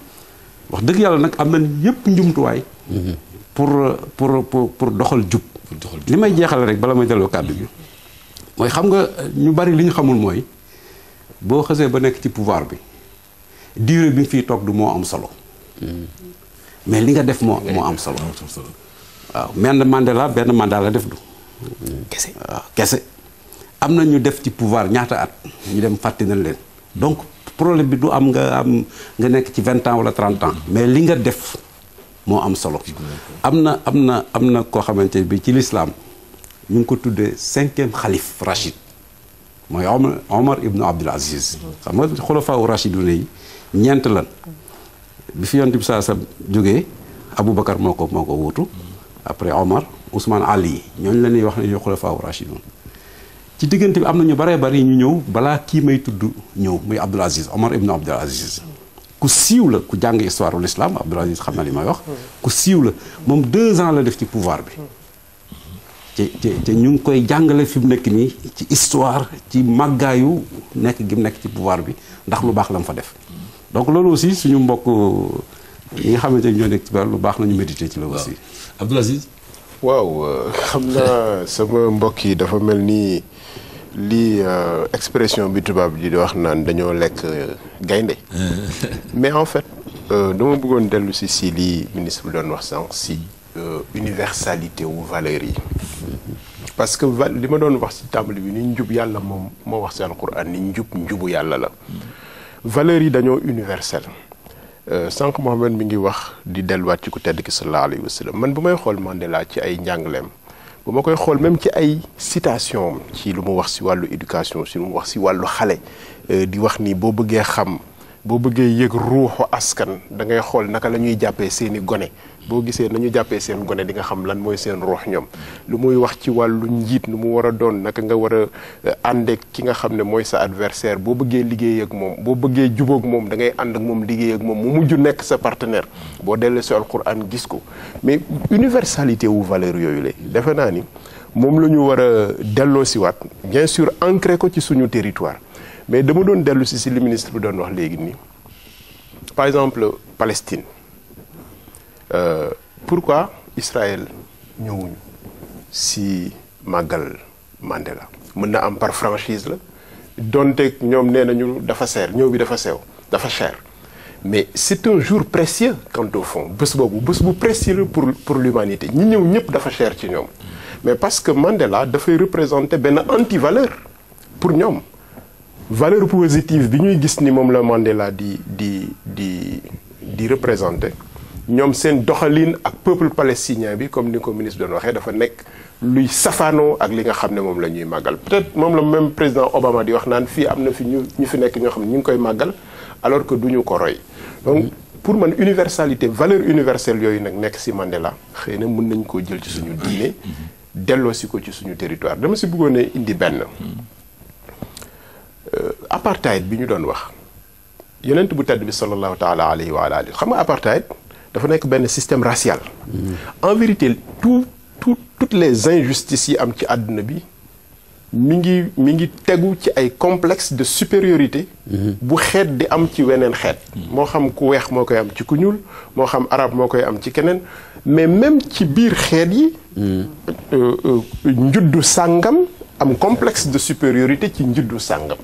wax dëgg yàlla nag am nañ yëpp njumtuwaay. pour pour pour pour doxal jub. li may jeexal rek bala may delloo kàddu gi. mooy xam nga ñu bari li ñu xamul mooy boo xësee ba nekk ci pouvoir bi durée bi nga toog du moo am solo. mais li nga def moo moo am solo. waaw benn Mandela benn mandat la def du. kese am na ñu def ci pouvoir ñaata at ñu dem fàtte na leen problème bi du am nga am nga nekk ci vingt ans wala trente ans mais li nga def moo am solo am na am na am na koo xamante bi ci lislaam ñu ngi ko tuddee cinquième xalif rachid mooy omar ibnu abdul aziz xam nga xulafaawu rachiduna yi ñeent lan bi fi yoon bi saa sa jógee aboubacar moo ko moo ko wuutu après omar ousmane ali ñooñu la ñuy wax ne xulafaawu rachidun ci diggante bi am na ñu baree bari ñu ñëw balaa kii may tudd ñëw muy Abdoul Aziz Omar ibn Abdoul ku siiw la ku jàng histoire ul islam Abdoul xam na li may wax ku siiw la moom deux ans la def ci pouvoir bi ci ñu ngi koy jàngale fi mu nekk nii ci histoire ci màggaayu nekk gi mu nekk ci pouvoir bi ndax lu baax la mu fa def donc loolu aussi suñu mbokk yi nga xamante ni ñoo nekk ci lu baax nañu méditer ci loolu aussi Abdoul Aziz waaw euh, xam naa sama mbokk yi dafa mel nii lii euh, expression bitubab di wax nan dañoo lek euh, gaynde mais en fait euh dama bëggone delu ci ci li ministre bi doon wax sànq si euh, universalité ou valeurs parce que val li ma doon wax si table bi ni njub yalla mom mo wax si alquran ni njub njubu yalla la valeurs yi dañoo universel sank mohammed mi ngi wax di wat ci ku tedd ki sallallahu alayhi wasallam man bu may xol Mandela ci ay njàngaleem bu ma koy même ci ay citation ci lu mu wax si wàllu éducation si lu wax si di boo bëggee yëg ruuxu askan da ngay xool naka la ñuy jàppee seen i gone boo gisee nañu jàppee seen gone di nga xam lan mooy seen ruux ñoom lu muy wax ci wàllu njiit nu mu war a doon naka nga war a eh, àndeek ki nga xam ne mooy sa adversaire boo bëggee liggéey ak moom boo bëggee jubook moom da ngay ànd ak moom liggéey ak moom mu mujj nekk sa partenaire boo dellee si alquran gis ko mais universalité wu valeur yooyu la defe naa ni moom la ñu war a delloo siwaat bien sûr ko ci suñu territoire mais dama doon dellu si si li ministre bi wax léegi nii par exemple Palestine euh, pourquoi Israël ñëwuñu si magal Mandela mën na am par franchise la donte ñoom nee nañu dafa seer ñëw bi dafa sew dafa cher mais c'est un jour précieux quand au fond bés boobu bés bu précieux pour pour l'humanité ñi ñëw ñëpp dafa cher ci ñoom mais parce que Mandela dafay représenter benn anti-valeur pour ñoom valeur positive bi ñuy gis ni mom la Mandela di di di di représenter ñom seen doxaline ak peuple palestinien bi comme ni ko ministre doon waxé dafa nek luy safano ak li nga peut-être même président Obama di wax fi amna fi ñu ñu fi alors que duñu ko roy donc pour man universalité valeur universelle yoy Mandela xeyna mën nañ ko jël ci suñu dello ci ko ci suñu territoire dama si indi euh, apartheid bi ñu doon wax yonent bu tedd bi sallallahu taala alayhi wa alihi xam nga apartheid dafa nekk benn système racial. Mm-hmm. en vérité toutes les injustices yi am ci àdduna bi mi tegu ci ay complexe de supériorité. Mm-hmm. bu xeet am ci weneen xeet. Mm-hmm. moo xam ku weex moo koy am ci xam arab moo koy am ci mais même ci biir xeet yi. Euh, euh, am complexe de supériorité ci njuddu sangam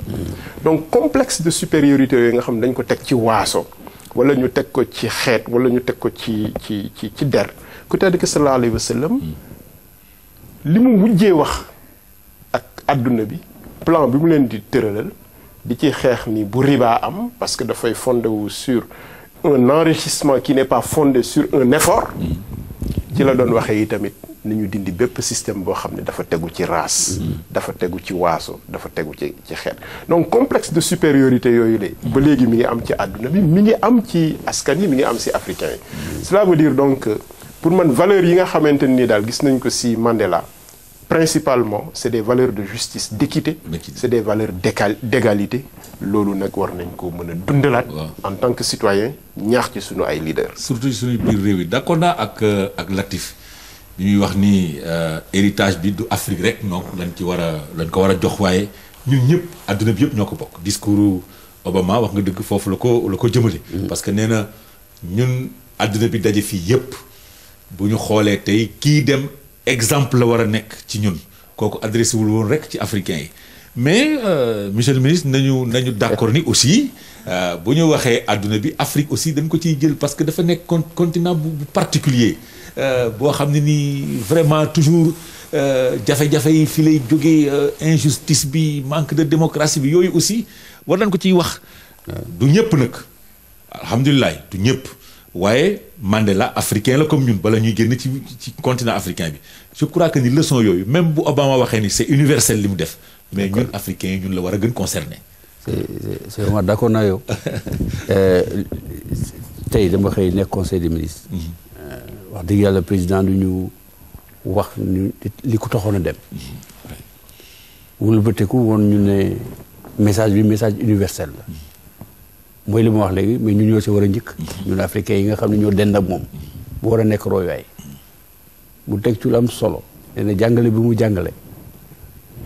donc complexe de supériorité yooyu nga xam dañ ko tek ci waso wala ñu tek ko ci xet wala ñu tek ko ci ci ci ci der ku tedd ki sallallahu alayhi wasallam limu li wax ak àdduna bi plan bi mu leen di tëralal di ci xex ni bu riba am parce que fay fondé wu sur un enrichissement qui n'est pas fondé sur un effort ci la doon waxee tamit nañu dindi bépp système boo xam dafa tegu ci race. Mm-hmm. dafa tegu ci waaso dafa tegu ci ci xeet. donc complexe de supériorité yooyu de ba léegi mi ngi am ci àdduna bi mi ngi am ci askan yi mi ngi am si africain mm-hmm. cela veut dire donc pour man valeur yi nga xamante ni daal gis nañ ko si Mandela. principalement c'est des valeurs de justice d'équité c'est des valeurs d'égalité loolu nag war nañ ko mën a dundalaat en tant que citoyen ñaax ci sunu ay leader surtout ci suñu biir réew yi d'accord naa ak euh, ak Latif bi ñuy wax ni euh, héritage bi du Afrique rek non lañ ci war a lañ ko war a jox waaye ñun ñëpp àdduna bi yëpp ñoo ko bokk discours Obama wax nga dëgg foofu la ko la ko jëmale mm-hmm. parce que nee na ñun àdduna bi daje fii yëpp bu ñu xoolee tey kii dem exemple la war a nekk ci ñun kooku adressé wul woon rek ci africain yi mais euh, monsieur le ministre nañu nañu d'accord ni aussi euh, bu ñu waxee àdduna bi Afrique aussi dañ ko ciy jël parce que dafa nekk continent bu particulier Euh, vraiment toujours euh, euh, injustice bi manque de démocratie bi aussi war nañ ko wax du Mandela africain comme ñun bala continent africain je crois que ni leçon même bu Obama c'est universel def mais ñun africain ñun la wara concerné c'est vraiment d'accord yow conseil des ministres mhm. wax dëgg yàlla président du ñu wax ñu li ko taxoon a dem wëlbateku woon ñun ne message bi message universel la mooy li ma wax léegi mais ñu ñoo si war a njëkk ñun africain yi nga xam ne ñoo dend ak moom bu war a nekk royuwaay mu teg ci am solo nee jàngale bi mu jàngale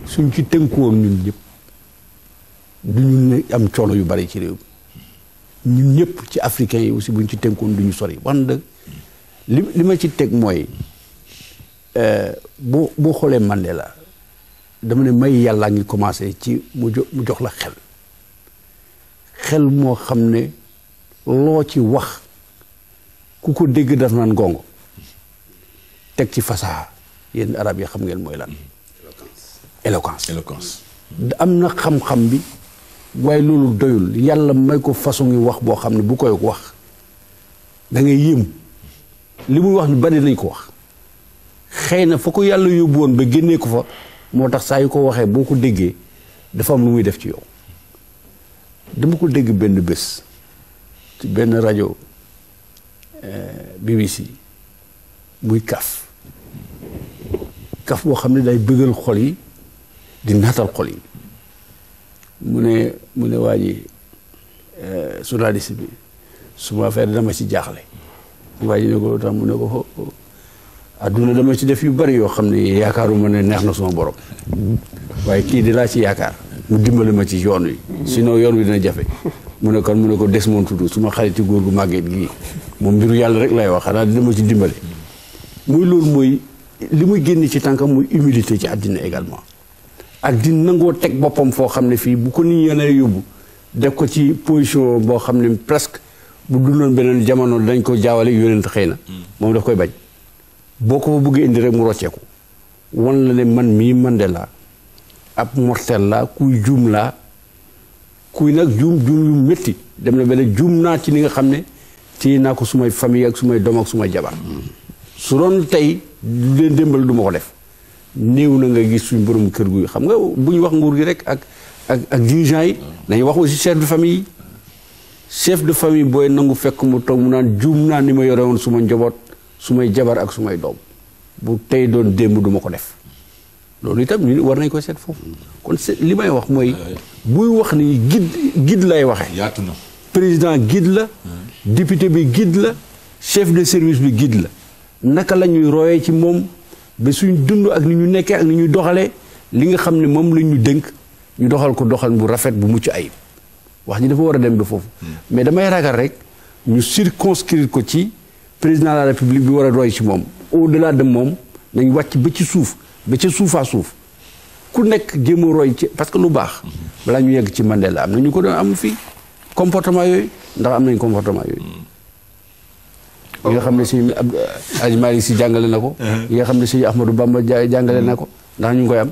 suñ ci tënkuwoon ñun ñëpp du ñu am coolo yu bari ci réew mi ñun ñëpp ci africain yi aussi buñ ci tënkuwoon du ñu sori wax li li ma ci teg mooy euh, bu boo xoolee la dama ne may yàllaa ngi commencé ci mu jo mu jox la xel xel moo xam ne loo ci wax ku ko dégg daf naan ngongo teg ci fasaha yenn arab yi xam ngeen mooy lan éloquence am na xam-xam bi waaye loolu doyul yàlla may ko façon ngi wax boo xam ne bu koy wax da ngay li muy wax ñu bari nañ ko wax xëy na fa ko yàlla yóbbu woon ba génnee ko fa moo tax saa yu ko waxee boo ko déggee dafa am lu muy def ci yow dama ko dégg benn bés ci benn rajo yi eh, muy kaf kaf boo xam ne day bëggal xol yi di naatal xol yi mu ne mu ne waa ji eh, journaliste bi su ma fee dama ci jaaxle waaye ne ko lu tax mu adduna dama ci def yu bari yoo xam ne yaakaaruma ne neex na suma borom waaye kii di laa ci yaakaar mu dimbali ma ci yoon wi sinon yoon wi dina jafe mu ne kon mu ne ko des moom su ma xariti góor gu màgget gii moom mbiru yàlla rek lay wax xanaa dina ma ci dimbali muy loolu muy li muy génne ci tànkam muy humilité ci àddina également ak di nangoo teg boppam foo xam ne fii bu ko nit ñi yóbbu def ko ci position boo xam ne presque bu dundoon beneen jamono dañ ko jaawale yonent xëy na hmm. moom daf koy bañ boo ko fa bëggee indi rek mu rocceeku wan la ne man mii man de laa ab mortel laa kuy juum laa kuy nag jum jum yu métti dem na benn juum naa ci li nga xam ne téye naa ko sumay famille ak su may doom ak sumay jabar hmm. su doon tey lu leen démbal du ma ko def néew na nga gis suñu borom kër guy xam nga bu ñu wax nguur gi rek ak ak ak dirigeant yi hmm. nañu wax aussi chef de famille yi chef de famille booy nangu fekk mu toog mu naan juum naa ni yore woon suma njaboot sumay jabar ak sumay doom bu tey doon démb duma ko def loolu itam ñu war nañ ko seet foofu kon li wax mooy buy wax ni gid guide lay waxee yaatu na président guide la député bi guide la chef de service bi guide la naka la ñuy royee ci moom ba suñ dund ak ni ñu nekkee ak ni ñuy doxalee li nga xam ne moom la ñu doxal ko doxal bu rafet bu mucc ayib wax ji dafa wara dem ba foofu hmm. mais damay ragal rek ñu circonscrire ko ci président de la république bi wara a roy ci mom au delà de mom nañ wacc ba ci souf ba ci suufaa souf ku nek jéem a roy ci parce que lu bax hmm. balaa ñu yegg ci Mandela am na ñu ko do am fi comportement yoy ndax am nañ comportement yoy hmm. yi nga xamné ne sëñ Aj Malick si jàngale na uh-huh. yi nga xamné ne Ahmadou Bamba jàngale na ko ndax ñu ngi koy am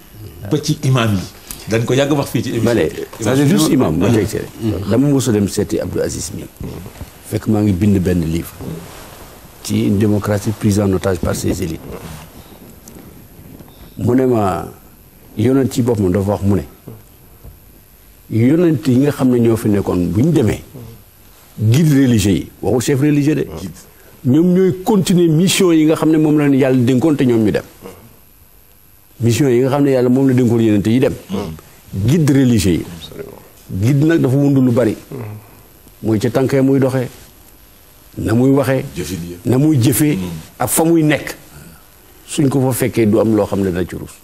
ba ci imam yi dañ ko yàgg wax fi ci émission bi. ma juste imam ma teg dama mos dem seeti Abdou Aziz mi fekk ma ngi bind ben livre. ci une démocratie prise en otage par ses élites. Mune ma yonent ci boppam dafa wax mune. yonent yi nga xamné ne ñoo fi nekkon buñu démé guide religieux yi waxul chef religieux de. ñoom ñooy continuer mission yi nga xamné mom moom la ñu yàlla dénkoon te ñoom ñu dem. mission yi nga xam ne yàlla moom la dénkoon yonent yi dem guide religieux nag dafa lu bari muy ca tànkee muy doxee na muy waxee na muy jëfee ak fa muy nekk suñ ko fa fekkee du am loo xam ne dana ci ruus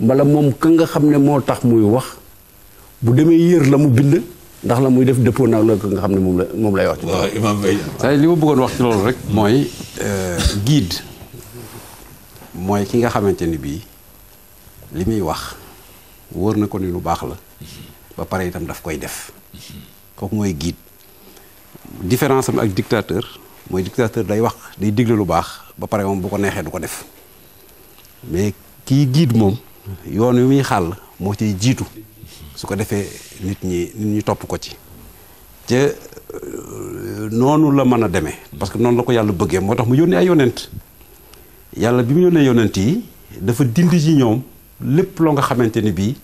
moom ka nga xam ne moo tax muy wax bu demee yër la mu bind ndax la muy def dëppoo nag la nga xam ne moom la moom lay wax ci li bëggoon wax ci loolu rek mooy euh, guide mooy ki nga xamante ni bii li muy wax wóor na ko ni lu baax la ba pare itam daf koy def kooku mooy guide différence ak dictateur mooy dictateur day wax day digle lu baax ba pare moom bu ko neexee du ko def mais kii guide moom yoon wi muy xàll moo ci jiitu su ko defee nit ñi nit ñi topp ko ci ca euh, noonu la mën a demee parce que noonu la ko yàlla bëggee moo tax mu yónnee ay yonent yàlla bi mu yónnee yonent yi dafa dindi ci ñoom lépp loo nga xamante ni bii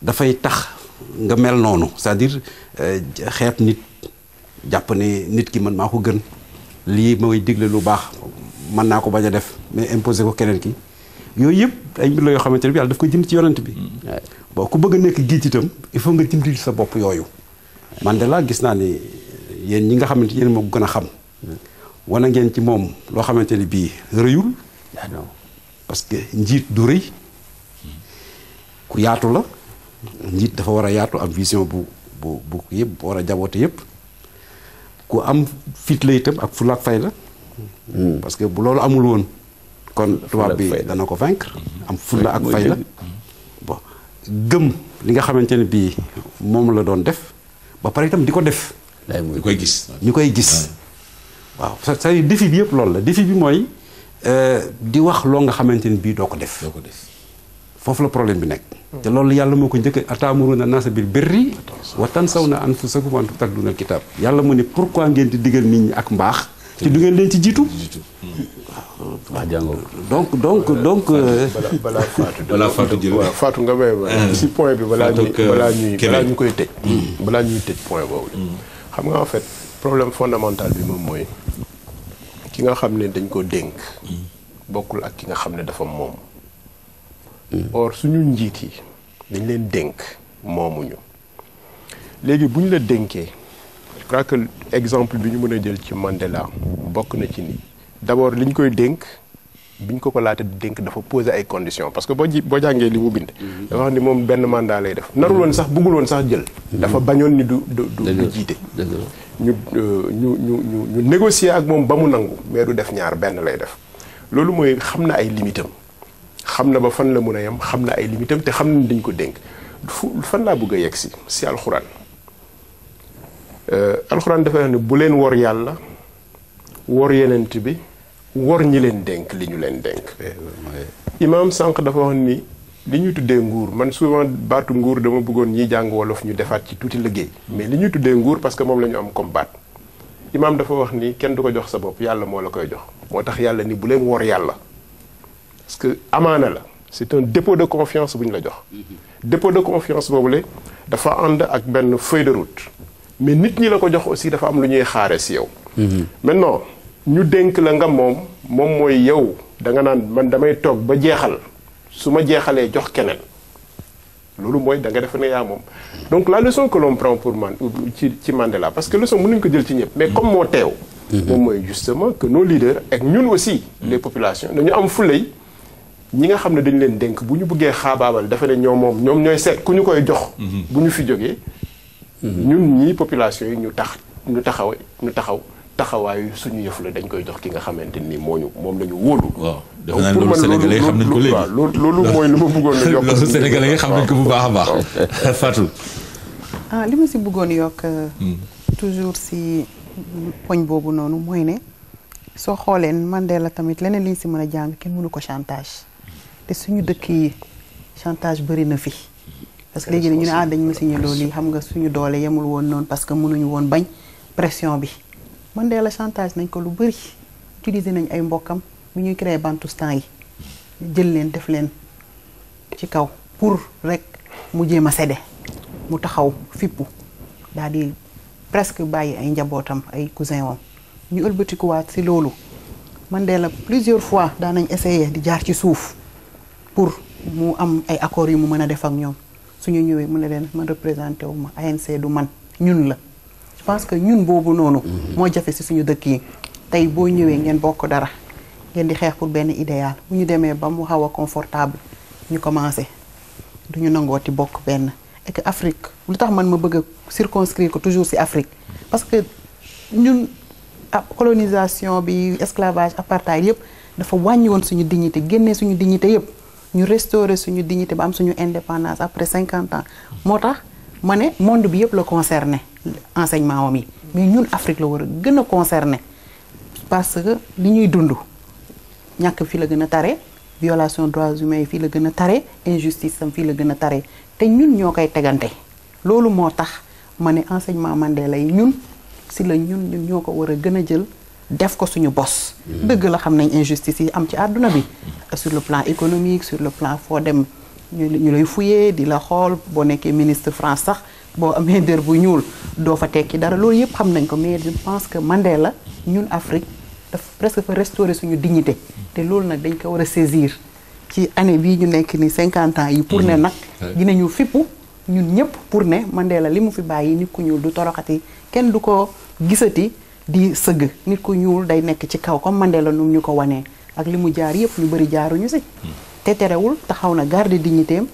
dafay tax nga mel noonu c'est-à-dire euh, xeeb nit jàpp ni nit ki man maa ko gën lii mooy digle lu baax mën naa ko bañ a def mais imposé ko keneen ki yooyu yëpp ay mbir la yoo xamante ne bi yàlla daf ko jëm ci yonent bi mm. bon ku bëgg a nekk giit itam il faut nga dimbil sa bopp yooyu man de laa gis naa ni yéen ñi nga xamante yéen moo gën a xam wana ngeen ci moom loo xamante ni bii rëyul ah parce que njiit du rëy ku yaatu la nit dafa war a yaatu am vision bu bu bu yëpp bu war a jaboote ku am fit la itam ak fulaak fay la hmm. parce que bu loolu amul woon kon tubaab bi dana ko vaincre am fulla ak fay la bon gëm li nga xamante ne bii moom la doon def ba pare itam di ko def ñu koy gis ñu koy gis waaw c'est-à-dire défi bi yëpp loolu la défi bi mooy euh, di wax loo nga xamante ne bii doo ko def foofu la problème bi nekk. te loolu yàlla moo ko njëkk na a ataamuruuna naasa bil birri na tansawna anfusakum wa antum tatluna al kitaab yàlla mu ne pourquoi ngeen di digal nit ñi ak mbaax. te du ngeen leen ci jiitu. waaw jàngoo donc donc donc. Euh, balaa Fatou nga may ma. Euh, si point bi balaa ñuy euh, balaa ñuy balaa ñu koy tëj. Mm. balaa ñuy tëj point boobu. Mm. xam nga en fait problème fondamental bi moom mooy ki nga xam ne dañ ko dénk. Mm. bokkul ak ki nga xam ne dafa moom. or suñu njiit yi dañ leen dénk moomuñu léegi bu ñu la dénkee je crois que exemple bi ñu mën a jël ci Mandela bokk na ci ni d'abord li ñu koy dénk bi ñu ko ko laata di dénk dafa poser ay conditions parce que boo ji boo jàngee li mu bind. dafa xam ni moom benn mandat lay def. narul woon sax bëggul woon sax jël. dafa bañoon ni du du du jiite. ñu euh, ñu ñu ñu ñu négocier ak moom ba mu nangu mais du def ñaar benn lay def loolu mooy xam na ay limitam xam na ba fan la mun a yem xam na ay limitam te xam na dañ ko dénk fu fan laa bëgg a yegg si si alxuraan euh, alxuraan dafa wax ne bu leen wor yàlla wor yeneent bi wor ñi leen dénk li ñu leen dénk eh, imaam sànq dafa wax ni li ñuy tuddee nguur man souvent baatu nguur dama bëggoon ñiy jàng wolof ñu defaat ci tuuti liggéey mais li ñuy tuddee nguur parce que moom la ñu am comme baat imaam dafa wax ni kenn du ko jox sa bopp yàlla moo la koy jox moo tax yàlla ni bu leen wor yàlla parce que Amana, c'est un dépôt de confiance bu ñu la jox dépôt de confiance boobule dafa ànd ak une feuille de route mais nit ñi la ko jox aussi dafa am lu ñuy xaare yow maintenant ñu dénk la nga moom moom mooy yow da nga naan man damay toog ba jeexal su ma jeexalee jox da nga def donc la leçon que l'on prend pour man Mandela parce que leçon nous ko jël ci ñëpp mais comme mon teew mhm. moom mooy justement que nos leaders et nous aussi les populations dañu am fulay ñi nga xam ne dañu leen dénk bu ñu buggee xaabaabal dafa ne ñoom ñoom ñooy seet ku ñu koy jox. Mhm. bu ñu fi jógee. Mhm. ñun ñii population yi ñu tax ñu taxaw ñu taxaw taxawaayu suñu yëf la dañ koy jox ki nga xamante ni moo ñu moom la ñu wóolu. waaw defe naa loolu sénégalais xam nañ ko léegi loolu loolu mooy lu ma bëggoon a yokk. loolu sénégalais xam nañ ko bu a baax. Fatou. ah li ma si bëggoon yokk. Euh, hmm. toujours si poñ boobu noonu mooy ne soo xoolee Mandela tamit leneen li ñu si mën a jàng kenn mënu ko chantage. te suñu dëkk yi chantage bëri na fi. parce que léegi ñu ne ah dañ ma signé loolu yi xam nga suñu doole yemul woon noonu parce que mënuñu woon bañ pression bi man dee chantage nañ ko lu bëri utiliser nañ ay mbokkam bu ñuy créer Bantoustan yi jël leen def leen ci kaw pour rek mu jéem a sede mu taxaw fippu daal di presque bàyyi ay njabootam ay cousin wam ñu ëlbatikuwaat si loolu man dee la plusieurs fois daan nañ essayer di jaar ci suuf pour mu am ay accords yu mu mën a def ak ñoom suñu ñëwee mu ne leen man représenté wu ma ANC du man ñun la je que ñun boobu noonu mhm. moo jafe si suñu dëkk yi tey boo ñëwee ngeen bokk dara ngeen di xeex pour benn idéal bu ñu demee ba mu xaw a confortable ñu commencé duñu ñu nangooti bokk benn et que Afrique lu tax man ma bëgg a circonscrire ko toujours si Afrique parce que ñun ah, colonisation bi esclavage apartheid yëpp dafa wàññi woon suñu dignité génnee suñu dignité yëpp ñu restaurer suñu dignité ba am suñu indépendance après cinquante ans moo tax ma ne monde bi yëpp la concerné enseignement wam yi mais ñun Afrique la war a gën a concerné parce que li ñuy dund ñàkk fii la gën a tare violation droits humains yi fii la gën a tare injustice sam fii la gën a tare te ñun ñoo koy tegante loolu moo tax ma ne enseignement Mandela yi ñun si la ñun ñun ñoo ko war a gën a jël def ko suñu boss deug la xamnañ injustice yi am ci aduna bi. sur le plan économique sur le plan foo dem ñu lay fuyee di la xol bo nekkee ministre France sax bo amee dër bu ñuul do fa tekki dara lool yépp xamnañ ko mais je pense que Mandela ñun Afrique daf presque fa restaurer suñu dignité té lool nak dañ ko wara saisir ci année bi ñu nekk ni 50 ans yi pour ne mm-hmm. nag dinañu fippu ñun ñëpp pour ne Mandela limu fi bayyi nit ku ñuul du toroxati kenn du ko gisati. di sëgg nit ko ñuul day nekk ci kaw comme la num ñu ko wanee ak li mu jaar yëpp ñu bëri jaaruñu si te terewul taxaw na garde dignitéem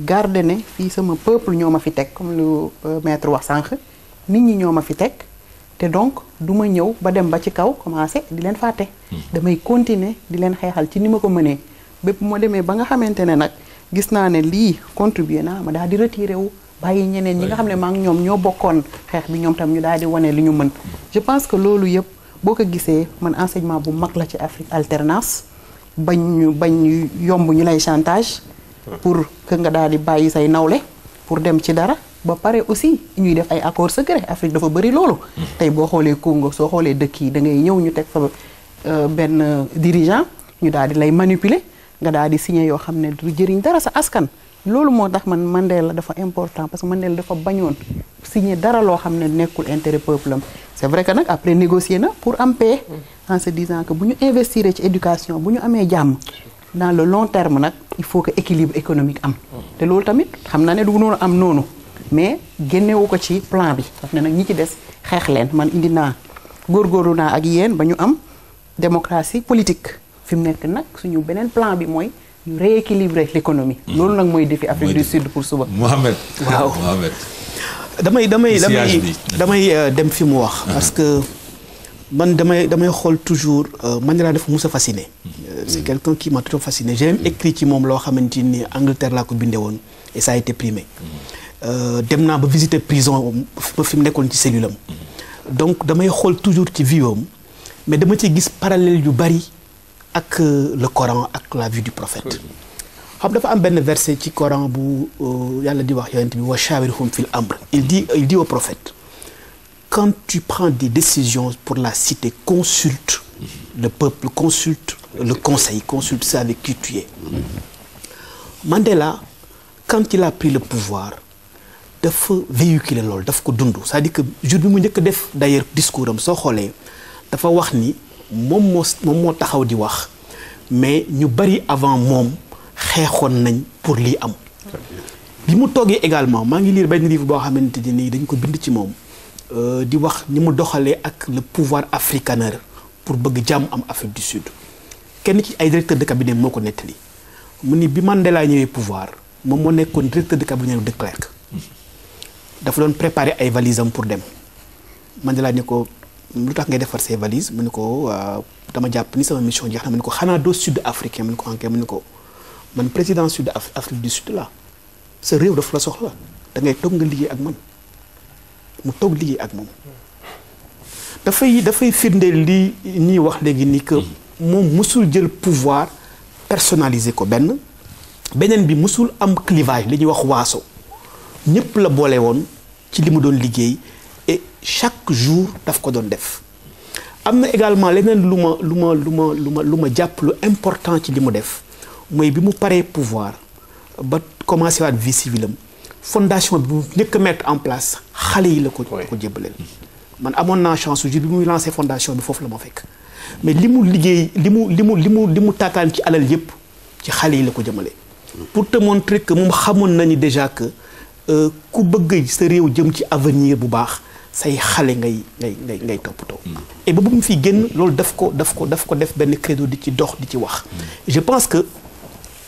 garde ne fii sama peuple ñoo ma fi teg comme lu euh, maître wax sànq nit ñi ñoo ma fi teg te donc du ma ñëw ba dem ba ci kaw commencé di leen fàtte damay continuer di leen xeexal ci ni ma ko mënee bépp ma demee ba nga xamante ne nag gis naa ne lii contribuer naa ma daal di retiré wu bàyyi ñeneen ñi nga xamné ma maa ngi ñoom ñoo bokkoon xeex bi ñom tam ñu daal di wane li ñu mën je pense que lolu yëpp boko gissé man enseignement bu mag la ci Afrique alternance bañ ñu bañ yomb ñu lay chantage pour que nga daal di bàyyi say nawlé pour dem ci dara ba paré aussi ñuy def ay accords secrets Afrique dafa bëri lolu tay bo xolé Congo so xolé dëkk yi da ngay ñëw ñu tek fa ben dirigeant ñu daal di lay manipuler nga daal di signé yoo xam du jëriñ dara sa askan loolu moo tax man Mandela dafa important parce que Mandela dafa bañoon signé dara loo xam ne nekkul intérêt peuple am c'est vrai que nag après négocier na pour am paix en se disant que bu ñu investir ci éducation bu ñu amee jàmm dans le long terme nag il faut que équilibre économique am te loolu tamit xam na ne du noonu am noonu mais génnewu ko ci plan bi daf ne nag ñi ci des xeex leen man indi naa góorgóorlu naa ak yéen ba ñu am démocratie politique fi mu nekk nag suñu beneen plan bi mooy ñu rééquilibrer l'économie. Mm. loolu nag mooy défi Afrique du Sud pour suba. Mohamed waaw Mohamed. damay damay damay damay euh, dem fi mu wax. Mm-hmm. parce que man damay damay xool toujours euh, Manière de mus fasciné. Mm-hmm. Euh, c'est quelqu'un qui m'a toujours fasciné j'ai même mm-hmm. écrit ci moom loo xamante ni Angleterre laa ko bindee et ça a été primé. dem naa ba visiter prison ba fi mu nekkoon ci cellule donc damay xool toujours ci vit. mais dama ci gis parallèle yu bari avec euh, le Coran avec la vie du prophète xam dafa am un verset du Coran euh, où il dit il dit au prophète quand tu prends des décisions pour la cité consulte le peuple consulte le conseil consulte ça avec qui tu es Mandela quand il a pris le pouvoir il véhiculer loolu daf ko fait. c'est-à-dire que je ne mu pas def d'ailleurs discours am soo dafa wax mom mo taxaw di wax mais ñu bari avant mom xeexoon nañ pour li am bi mu togué également ma ngi lire ben livre bo xamanteni ni dañ ko bind ci euh di wax ni mu doxalé ak le pouvoir africaner pour bëgg jàmm am Afrique du Sud kenn ci ay directeur de cabinet moko netti mu ni bi Mandela ñëwé pouvoir mom mo nekkoon directeur de cabinet de Klerk dafa doon préparer ay valises pour dem Mandela ni ko lu tax ngay defar say valise mu ko dama jàpp ni sama mission jeex na mu ne ko xanaa doo sud africain mu ne ko enquête mu ko man président sud afrique du sud la sa réew daf la soxla da ngay toog nga liggéey ak man mu toog liggéey ak moom dafay dafay firndeel li ni wax léegi ni que moom musul jël pouvoir personnaliser ko benn beneen bi musul am clivage li ñuy wax waaso ñëpp la boole woon ci li mu doon liggéey chaque jour daf ko def également luma luma luma luma important ci pouvoir ba commencer wat vie civile La fondation bi mettre en place c'est la ko man chance de lancer la fondation bi mais liggéey pour te montrer que je xamone déjà que euh, ku bëgg veux réew jëm ci avenir say xalé ngay ngay ngay ngay toppatoo. et ba bu mu fi génn lolou daf ko daf ko daf ko def ben credo di ci dox di ci wax. Mm. je pense que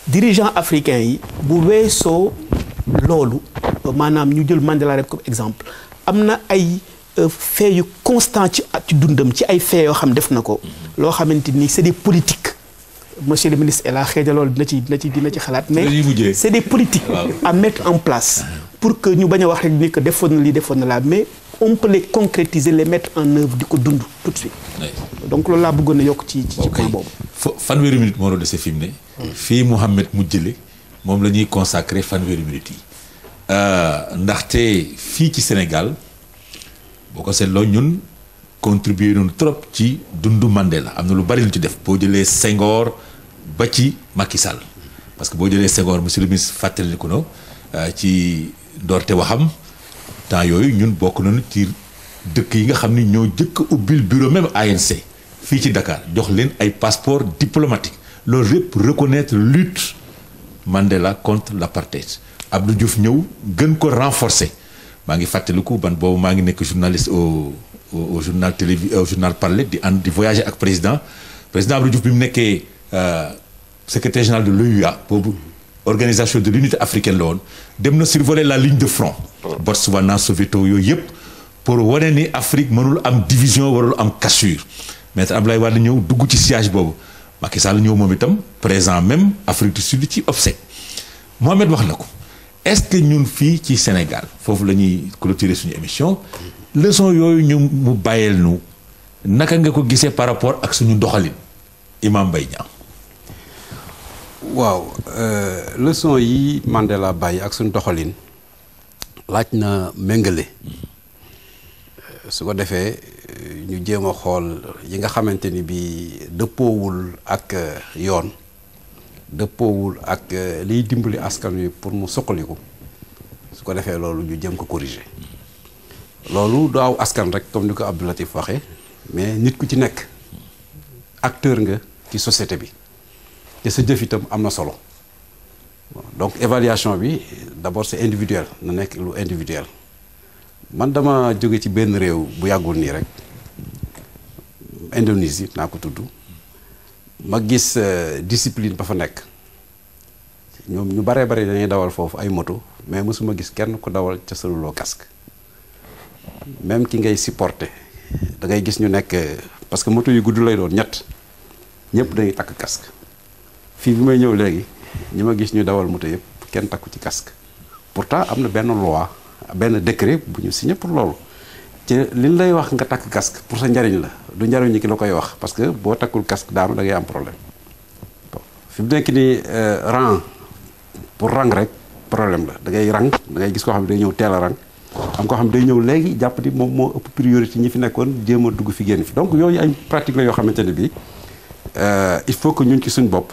dirigeants africains yi. bu wéso lolou manam ñu jël Mandela rek comme exemple amna ay euh, fait yu constant ci ci dundam ci ay fait yo xam def nako mm. lo xamanteni c'est des politiques. monsieur le ministre El Hadj xëy na loolu ci dina ci dina ci xalaat. mais c'est des politiques. à mettre en place. Ah. pour que ñu bañ a wax rek ni que defoon na lii mais on peut les concrétiser les mettre en œuvre du coup Dundu, tout de suite. donc là, je bëggoon a yokk ci ci point boobu. fo minute moo de dese film, mu ne. fii Mouhamed mu jële consacré fanweeri minute yi. Euh, fille qui ci Sénégal boo ko seetloo ñun contribué nañu trop ci dundu Mandela am na lu bari lu ci def boo jëlee Senghor ba ci Macky parce que boo jëlee Senghor monsieur le ministre fàttaliku na euh, ci doorte waxam temps y ñun bokk ci bureau même ANC fi ci Dakar jox passeport diplomatique reconnaître lutte Mandela contre l'apartheid Abdou Diouf gën ko renforcer ma ngi ban je journaliste au journal télé au journal président président Abdou Diouf bi euh, secrétaire général de l'UA organisation de l'unité africaine l'on woon dem na survoler la ligne de front Botswana Soweto yoyep pour wane ni Afrique mënul am division warul am cassure maître Ablaye Wade ñëw dugg ci siège bobu Macky Sall ñëw moom présent même Afrique du Sud ci obsèque Mohamed wax na est-ce que ñun fi ci Sénégal fofu lañuy clôturer suñu émission leçon yooyu ñu mu bayel nu naka nga ko gisee par rapport ak suñu doxalin Imam Mbaye waaw euh, leçon yi Mandela bàyyi ak suñu doxalin laaj na méngale euh, su ko defee euh, ñu jéem a xool yi nga xamante ni bi dëppoowul ak yoon dëppoowul ak liy dimbali askan wi pour mu suqaliku su ko defee loolu ñu jëm ko corriger loolu daaw askan rek comme ni ko Abdou Latif mais nit ku ci nekk acteur nga ci société bi te sa jëf itam am solo donc évaluation bi d' abord individuel na nekk lu individuel man dama jóge ci benn réew bu yàggul nii rek Indonésie ko ma gis euh, discipline ba fa nekk ñoom ñu baree bari dañuy dawal foofu ay moto mais mësuma gis kenn ku dawal ca saluloo casque même ki ngay supporter da ngay gis ñu nekk parce que moto yu gudd lay doon dañuy casque fii bi may ñëw léegi ñi gis ñu dawal moto yëpp kenn takku ci casque pourtant am na benn loi benn décret bu ñu signé pour loolu ci liñ lay wax nga takk casque pour sa njariñ la du njariñ ki la koy wax parce que boo takkul casque daanu da ngay am problème fi mu nekk nii euh, rang pour rang rek problème la da ngay rang da ngay gis koo xam ne day ñëw teel rang am koo xam ne day ñëw léegi jàpp ni moom moo ëpp priorité ñi fi nekkoon jéem a dugg fi génn fi donc yooyu ay pratique la yoo xamante ne bii euh, il faut que ñun ci suñ bopp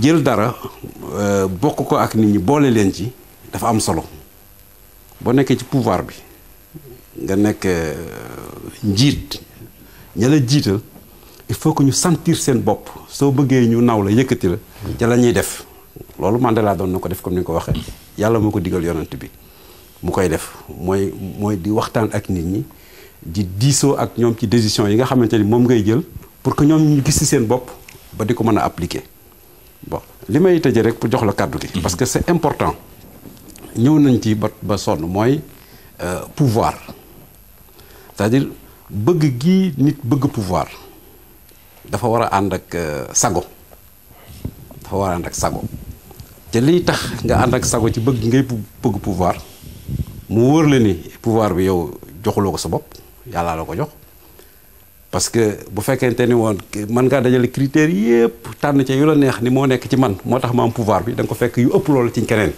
jël dara euh, bokk ko ak nit ñi boole leen ci dafa am solo boo nekkee ci pouvoir bi nga nekk euh, njiit ña la jiital il faut que ñu sentir seen bopp soo bëggee ñu naw la yëkkati la ca la ñuy def loolu Mandela doon na ko def comme ni ko waxee yàlla moo ko digal yonent bi mu koy def mooy mooy di waxtaan ak nit ñi di diisoo ak ñoom ci décision yi nga xamante ni moom ngay jël pour que ñoom ñu gis ci seen bopp ba di ko mën a appliquer li may tëjee rek pour jox la kàddu gi. Mhm. parce que c'est important ñëw nañ ci ba ba sonn mooy euh, pouvoir cest à bëgg gii nit bëgg pouvoir dafa war a ànd ak euh, sago dafa war a ànd ak sago te liy tax nga ànd ak sago ci bëgg ngay bëgg pouvoir mu wóor la ni pouvoir bi yow joxuloo ko sa bopp yàllaa la ko jox. parce que bu fekkente ni woon man ngaa dajale critères yëpp tànn ca yu la neex ni moo nekk ci man moo tax ma am pouvoir bi da ko fekk yu ëpp loolu ci keneen.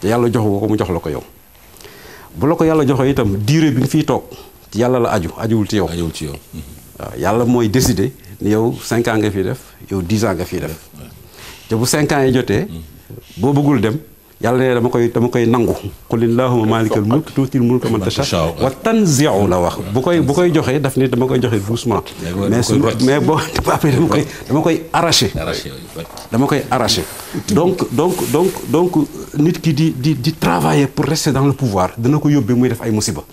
te yàlla joxu ko mu jox la ko yow. bu la ko yàlla joxee itam durée bi nga fiy toog yàlla la aju ajuwul ci yow. ajuwul ci yow. yàlla mooy décider ni yow 5 ans nga fiy def yow 10 ans nga fiy def te bu 5 ans yi jotee boo bëggul dem. yalla ne dama koy dama koy nangu qul illahuma maalikal mulk tuutil mulk man tasha wa tanziu la wax bu koy bu koy joxee daf ni dama koy joxe doucement mais mais boo après dama koy dama koy arracher dama koy arracher donc donc donc donc nit ki di di di travailler pour rester dans le pouvoir dina ko yóbbee muy def ay musiba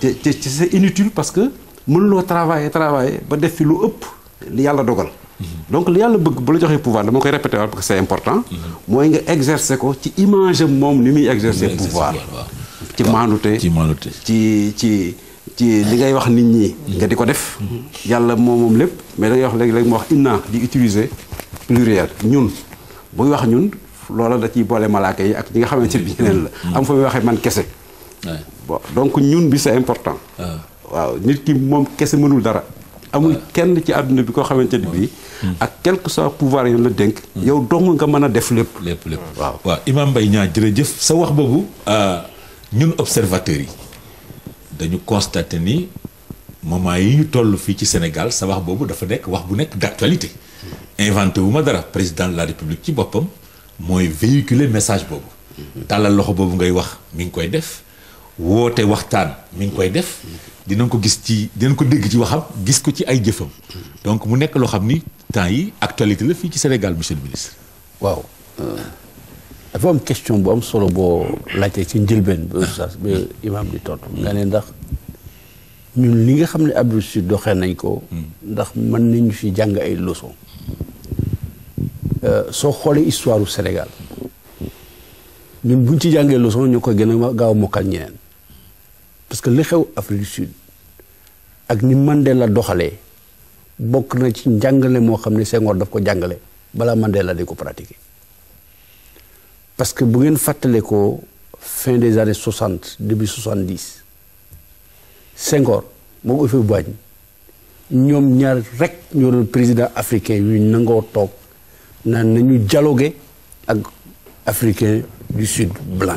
te c'est inutile parce que mënuloo travailler travailler ba def fi lu ëpp li yalla dogal Mhm. donc li yàlla bëgg bu la joxee pouvoir ma koy répété parce que c'est important. Mhm. mooy nga exercer ko ci image am moom ni muy exercer pouvoir ci maanute ci maanute ci ci ci li ngay wax nit ñi. Mhm. nga di ko def. yàlla moom moom lépp mais da ngay wax léegi léegi ma wax inna di utiliser pluriel ñun buy wax ñun loola da ciy boole malaaka yi ak ñi nga xamante ne ñeneen la. am fa muy waxee man kese. bon donc ñun bi c'est important. Ah. waaw nit ki moom kese mënul dara amul kenn ci aduna bi ko xamanteni bi hmm. ak quelque soit pouvoir yi la denk hmm. yow dong nga mën def lepp lepp lépp waaw waaw Imam Mbaye Niang jërëjëf sa wax boobu. Euh, ñun observateurs yi dañu constater ni moment yi ñu toll fii ci Sénégal sa wax boobu dafa nekk wax bu nekk d'actualité. Hmm. inventé wu ma dara président de la République ci boppam mooy véhiculer message boobu. tàllal loxo boobu ngay wax mi ngi koy def woote waxtaan mi ngi koy def. dinañ ko gis ci dinañ ko dégg ci waxam gis ko ci ay jëfam donc mu nekk loo xam ni temps yi actualité la fii ci Sénégal monsieur le ministre. waaw euh, dafa am question bu am solo boo laajte ci njëlbeen ba oustaz ni tontu. Hmm. nga ne ndax ñun li nga xam ne Abdou si doxee nañ ko. Hmm. ndax mën nañu fi jàng ay leçon euh, soo xoolee histoire du Sénégal ñun buñ ci jàngee leçon ñu ko gën a gaaw mokkal ñeneen. parce que li du Sud ak ni Mandela na Senghor Mandela parce que bu a fait fin des années 60, début 70, Senghor, Senghor moom Houphouët Boigny président africain qui été en nañu dialoguer africain du sud blanc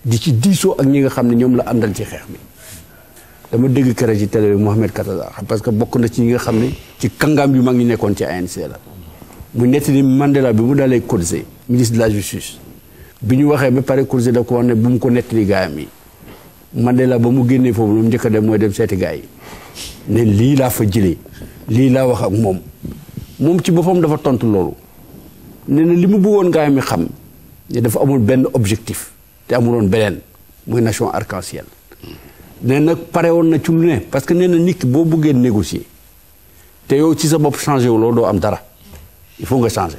di ci diisoo ak ñi nga xam ne ñoom la àndal ci xeex bi dama dégg keroog ci tele bi Mohamed Kataza parce que bokk na ci ñi nga xam ne ci kàngaam yu mag ñi nekkoon ci ANC la mu nettali Mandela bi mu dalee Coetzee ministre de la justice bi ñu waxee ba pare Coetzee da ko wax ne bu mu ko nettali gaayam yi Mandela ba mu génnee foofu lu mu njëkk a dem mooy dem seeti gaay yi ne lii laa fa jëlee lii laa wax ak moom moom ci boppam dafa tontu loolu nee na li mu bëggoon gaayam yi xam ne dafa amul benn objectif té amuloon beneen muy nation arc-en-ciel nee na pare woon na ci lu parce que nee na nit ki boo négocier té yow ci sa bop changé lo do am dara il faut nga changer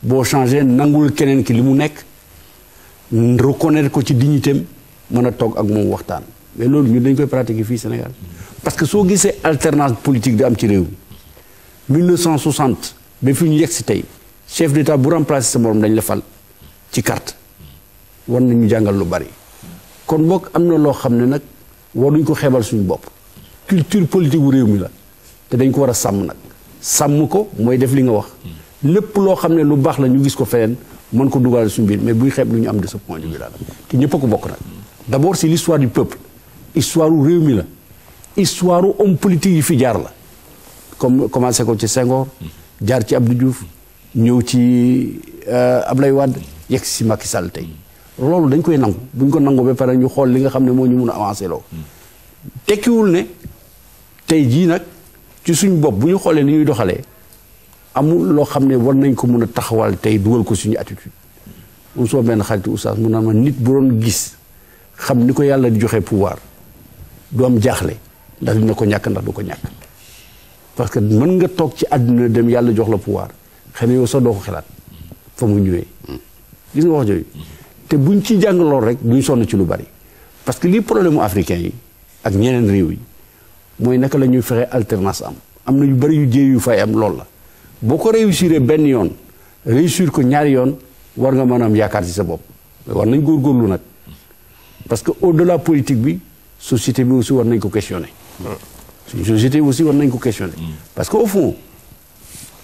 bo changé nangul kenen ki limu mu nekk reconnaître ko ci dignité, mëna tok ak moom waxtaan mais loolu ñu dañ koy pratiquer fi Sénégal parce que so gissé alternance politique de am ci réew 1960 be fi ñu yex si chef d'état bu remplacer sa morom dañ la fal ci carte war nañu jàngal lu bari kon bokk am na loo xam ne nag war waruñ ko xeebal suñu bopp culture politique wu réew mi la te dañ ko war a sàmm nag sàmm ko mooy def li nga wax lépp loo xam ne lu baax la ñu gis ko feneen mën ko dugalal suñu biir mais buy xeeb lu ñu am de ce point de vue ko bokk nag d' abord c' est l' histoire du peuple histoire u réew mi la histoire u politique yi fi jaar la comme commencé ko ci Senghor jaar ci Abdou Diouf ñëw ci euh, Ablaye Wade yegg si Macky Sall loolu dañ koy nangu bu ñu ko nangu ba pare ñu xool li nga xam ne moo ñu mun a avancé loo hmm. tekkiwul ne tey jii nag ci suñ bopp bu ñu xoolee ni ñuy doxalee amul loo xam ne war nañ ko mun a taxawal tey dugal ko suñu attitude moom soo benn xaritu oustaz mun na ma nit bu doon gis xam ni ko yàlla di joxe pouvoir du am jaaxle ndax dina ko ñàkk ndax du ko ñàkk parce que mën nga toog ci àdduna dem yàlla jox la pouvoir xëy na yow sax doo ko xalaat fa mu ñëwee hmm. gis wax te buñ ci jàng lool rek duñ sonn ci lu bari parce que lii problème mu africain yi ak ñeneen réew yi mooy naka la ñuy fexe alternance am am na ñu bari yu jéey yu fay am lool la boo ko réussir benn yoon réussir ko ñaari yoon war nga mën am yaakaar ci sa bopp war nañ góorlu nag parce que au la politique bi société bi aussi war nañ ko questionner. suñu hmm. société aussi war nañ ko questionner. Hmm. parce que au fond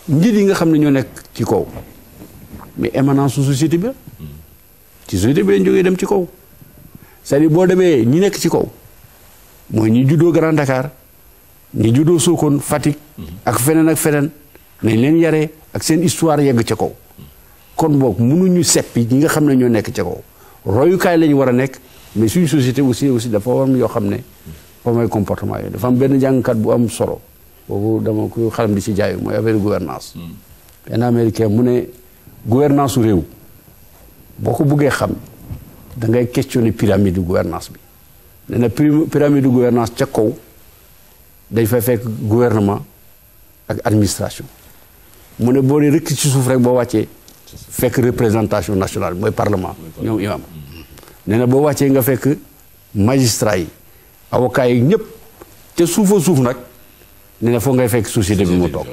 njiit yi nga xam ne ñoo nekk ci kaw mais émanance su ci société bi lañ jógee dem ci kaw cest boo demee ñi nekk ci kaw mooy ñi juddoo Grand Dakar ñi juddoo kon Fatick mhm. ak feneen ak feneen nañ leen yare ak seen histoire yegg ca kaw kon boog mënuñu seppi ñi nga xam ne ñoo nekk ci kaw royukaay lañ war a nekk mais suñu société aussi aussi dafa am yoo xam ne fa mooy comportement yooyu dafa am benn jàngkat bu am solo boobu dama ku xalam di ci jaayu mooy affaire gouvernance hmm. benn américain mu ne gouvernance su réew boo ko bëggee xam da ngay questionner pyramide de gouvernance bi nee na pyramide de gouvernance ca kaw dañ fay fekk gouvernement ak administration mu ne boo dee rëkk ci suuf rek boo wàccee fekk représentation nationale mooy parlement ñoom imam nee na boo wàccee nga fekk magistrat yi avocat yi ñëpp te suufa suuf nag nee na foog ngay fekk société bi mu toog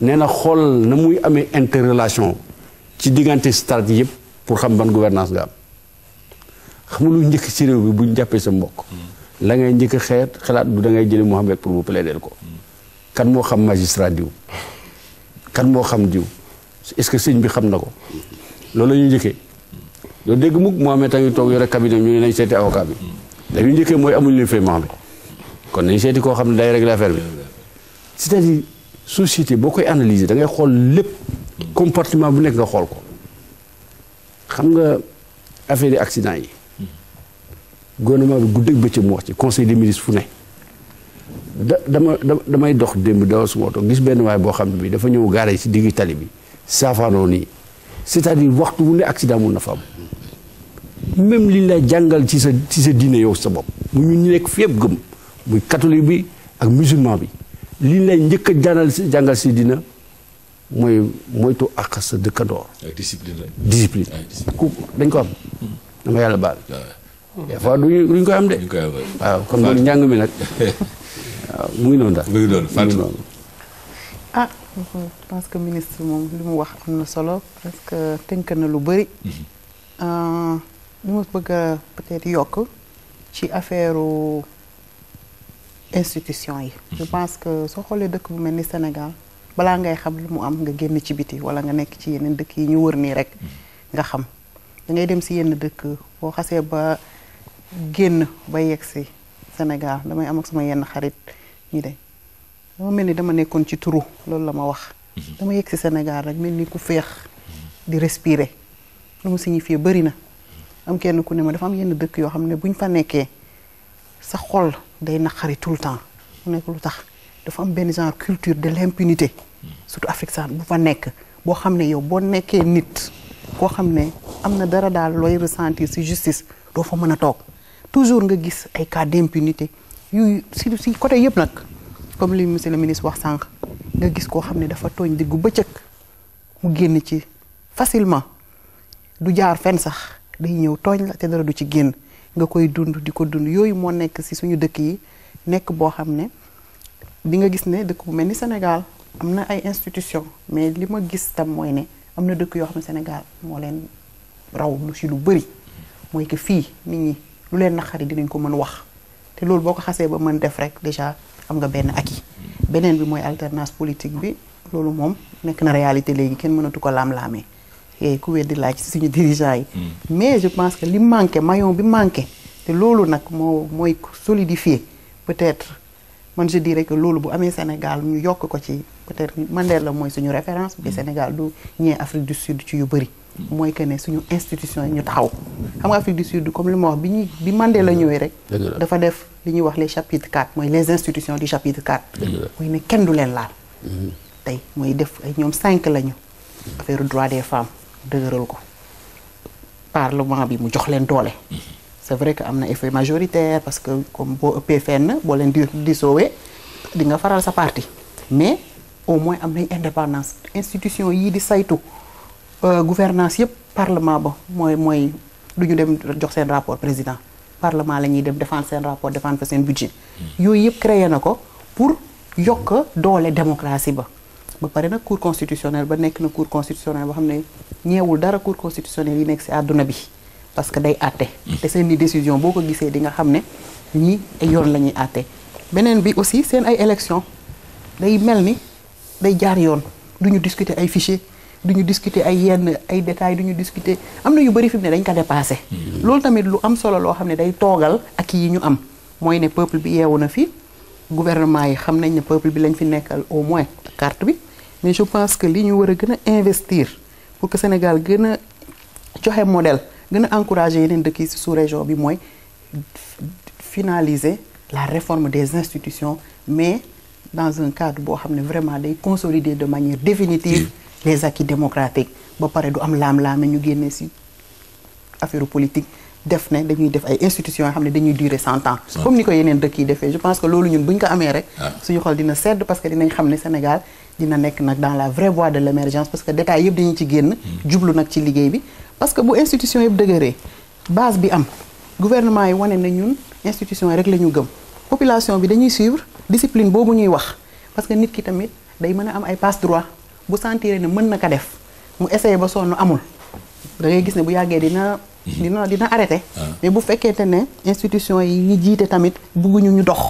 nee na xool na muy amee interrelation ci diggante stade yëpp pour xam ban gouvernance nga am xam lu njëkk ci réew bi bu ñu jàppee sa mbokk la ngay njëkk xeet xalaat du da ngay jëli Mohamed pour bu plaider ko kan moo xam magistrat diw kan moo xam diw est-ce que sëñ bi xam na ko loolu la njëkkee doo dégg mukk Mohamed a ngi toog yore cabinet ñu ne nañ seeti avocat bi dañuy njëkkee mooy amuñu luñ fay Mohamed kon nañ seeti koo xam ne day régler affaire bi cest à société boo koy analyser da ngay xool lépp comportement bu nekk nga xool ko xam nga affaire yi accident yi gouvernement bi guddeeg bëccëg mu wax ci conseil des ministres fu ne da dama da damay dox démb dawa suma oto gis benn waaye boo xam ne bi dafa ñëw yi si diggu tali bi saafaanoo nii c'est-à-dire waxtu wu ne accident mun am même li lay jàngal ci sa ci sa sa bopp mu ñun ñu nekk fépp gëm muy catholique bi ak musulman bi li lay njëkk a jàngal si jàngal si diina mooy moytu àq sa dëkkandoor. discipline la discipline. ku dañ ko am. Hmm. dama yàlla baal. waaw ah. des koy am de. waaw kon njàng mi nag. waaw mu ngi noonu daal. mu ngi noonu ah je que ministre moom li mu wax am na solo parce que tënk na lu bëri. Mm-hmm. Euh, li ma bëgg a peut-être yokk ci affaire institution yi. je mm-hmm. pense que soo xoolee dëkk bu mel ni Sénégal. balaa ngay xam lu mu am nga génn ci biti wala nga nekk ci yeneen dëkk yi ñu wër nii rek nga xam da ngay dem si yenn dëkk boo xasee ba génn ba yegg si Sénégal damay am ak sama yenn xarit ñu de dama mel ni dama nekkoon ci turu loolu la ma wax mhm. dama yegg si Sénégal rek mel ku féex di respirer lu mu na am kenn ku ne ma dafa am dëkk buñ fa sa xol day tout temps nekk lu tax dafa am benn genre culture de l'impunité surtout Afrique sax bu fa nekk boo xam ne yow boo nekkee nit koo xam ne am na dara daal looy ressentir ci justice doo fa mën a toog toujours nga gis ay cas d'impunité yu si si côté yëpp nag comme li monsieur le ministre wax sànq nga gis koo xam ne dafa tooñ diggu bëccëg mu génn ci facilement du jaar fen sax day ñëw tooñ la te dara du ci génn nga koy dund di ko dund yooyu moo nekk si suñu dëkk yi nekk boo xam ne di nga gis ne dëkk bu mel ni Sénégal am na ay institution mais li ma gis tam mooy ne am na dëkk yoo xam ne Sénégal moo leen raw lu si lu bëri mooy que fii nit ñi lu leen naqari dinañ ko mën wax te loolu boo ko xasee ba mën def rek déjà am nga benn yi beneen bi mooy alternance politique bi loolu moom nekk na réalité léegi kenn mënatu ko laam-laamee et eh, ku weddi laaj si suñu dirigeant yi. Hmm. mais je pense que li manqué maillon bi manqué te loolu nag moo mooy solidifier peut-être. je dirais que le bu Sénégal ñu York ko ci peut-être Mandela référence bi mm. Sénégal du Afrique du Sud ci yu mm. que institution ñu Afrique du Sud comme li mo wax bi Mandela les les institutions du chapitre 4 kenn du len laal mm. def ay lañu affaire droit des femmes ko parlement bi mu jox c'est vrai vrai que a un effet majoritaire parce que comme le PFN, fenn boo leen di disoowee di nga faral sa parti mais au moins am nañ indépendance institution yii di saytu euh, gouvernance yëpp parlement ba mooy mooy du dem jox rapport président parlement la ñuy dem défendre seen rapport défendre un budget hmm. yooyu yëpp créé na pour yokk la démocratie ba ba pare nag cour constitutionnelle ba nekk na cour constitutionnelle boo xam ne ñeewul dara cour constitutionnelle yi nekk si parce que day àtte. c'est une décision boo ko gisee di nga xam ne ñii ay yoon la ñuy àtte bi aussi seen ay élection day mel ni day jaar yoon du discuter ay fichier du ñu discuter ay yenn ay détails du ñu discuter am na yu bëri fi mu ne dañ ko dépassé. Mm-hmm. loolu tamit lu am solo loo xam ne day toogal ak yi ñu am mooy ne peuple bi yeewu na fi gouvernement yi xam nañ peuple bi lañ fi nekkal au moins carte bi mais je pense que li ñu war a investir pour que Sénégal gën a joxe modèle gëna encourager yeneen dëkk yi sous région bi finaliser la réforme des institutions mais dans un cadre boo xam vraiment day consolider de manière définitive les acquis démocratiques ba pare du am laam-laame ñu génne si affaire politique def ne dañuy def ay institutions yoo xam ne dañuy durer cent ans comme ni ko yeneen dëkk yi je pense que loolu ñun buñ ko amee rek ah. suñu xol dina sedd parce que dinañ xam ne Sénégal dina nekk nag dans la vraie voie de l'émergence parce que détails yëpp dañuy ci génn hmm. jublu nag ci bi parce que bu institution yëpp dëgëree base bi am gouvernement yi wane na ñun institution yi rek la gëm population bi dañuy suivre discipline boobu ñuy wax parce que nit ki tamit day mën a am ay passe droit bu sentir ne mën na ko def mu essayé ba amul da ngay gis ne bu yàggee dina mhm. dina dina arrêté ah. mais bu fekkee te ne institution yi ñi jité tamit bëggu ñu dox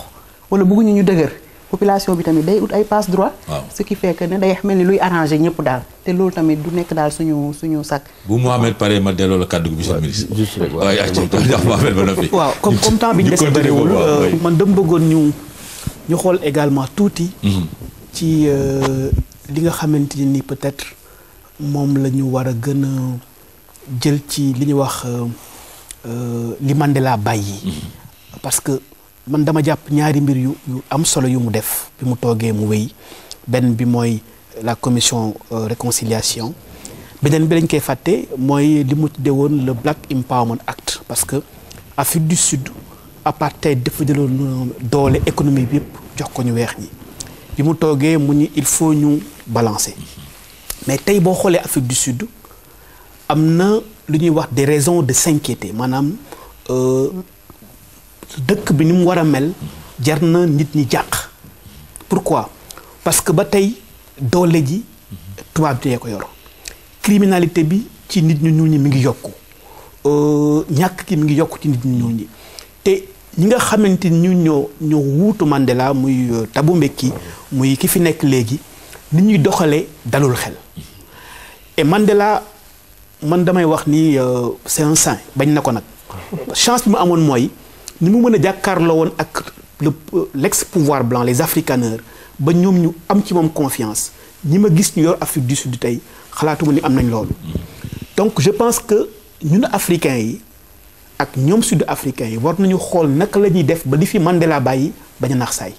wala bëggu ñu dëgër population bi tamit day out ay passe droit ce qui fait que ne day mel luy arranger ñep dal té lool tamit du nekk dal suñu suñu sac bu Mohamed paré ma ministre delloo la kàddu dox monsieur le ministre waaw comme comme temps bi ñu deseewul euh, man dem bëggoon ñu ñu xol également touti mhm. ci euh, li nga xamante ni peut-être mom lañu wara war gën jël ci li ñuy wax euh, euh li Mandela bàyyi mhm. parce que man dama japp ñaari mbir yu la commission euh, réconciliation benen bi lañ le Black Empowerment Act parce que l'Afrique du Sud à partir de l'économie, il faut balancer mais si l'Afrique du Sud nous des raisons de s'inquiéter euh, dëkk bi ni a mel pourquoi parce que ba tey doole ji tubaab bi ko yor criminalité bi ci nit ñu ñuul ñi mi ngi yokku euh, ki mi ngi te Mandela muy euh, tabu Mbeki muy ki fi et Mandela man damay ni euh, c'est un saint bañ na ko chance bi mu ni mu meuna a jàkkaarloo ak le euh, l'ex pouvoir blanc les africaneurs ba ñom ñu am ci mom confiance Ni ma gis ñu yor Afrique du Sud tey xalaatuma ni am nañ lool donc je pense que ñun africains yi ak ñom sud africains yi war nañu xol nak la def ba li fi Mandela bàyyi bañ a nax say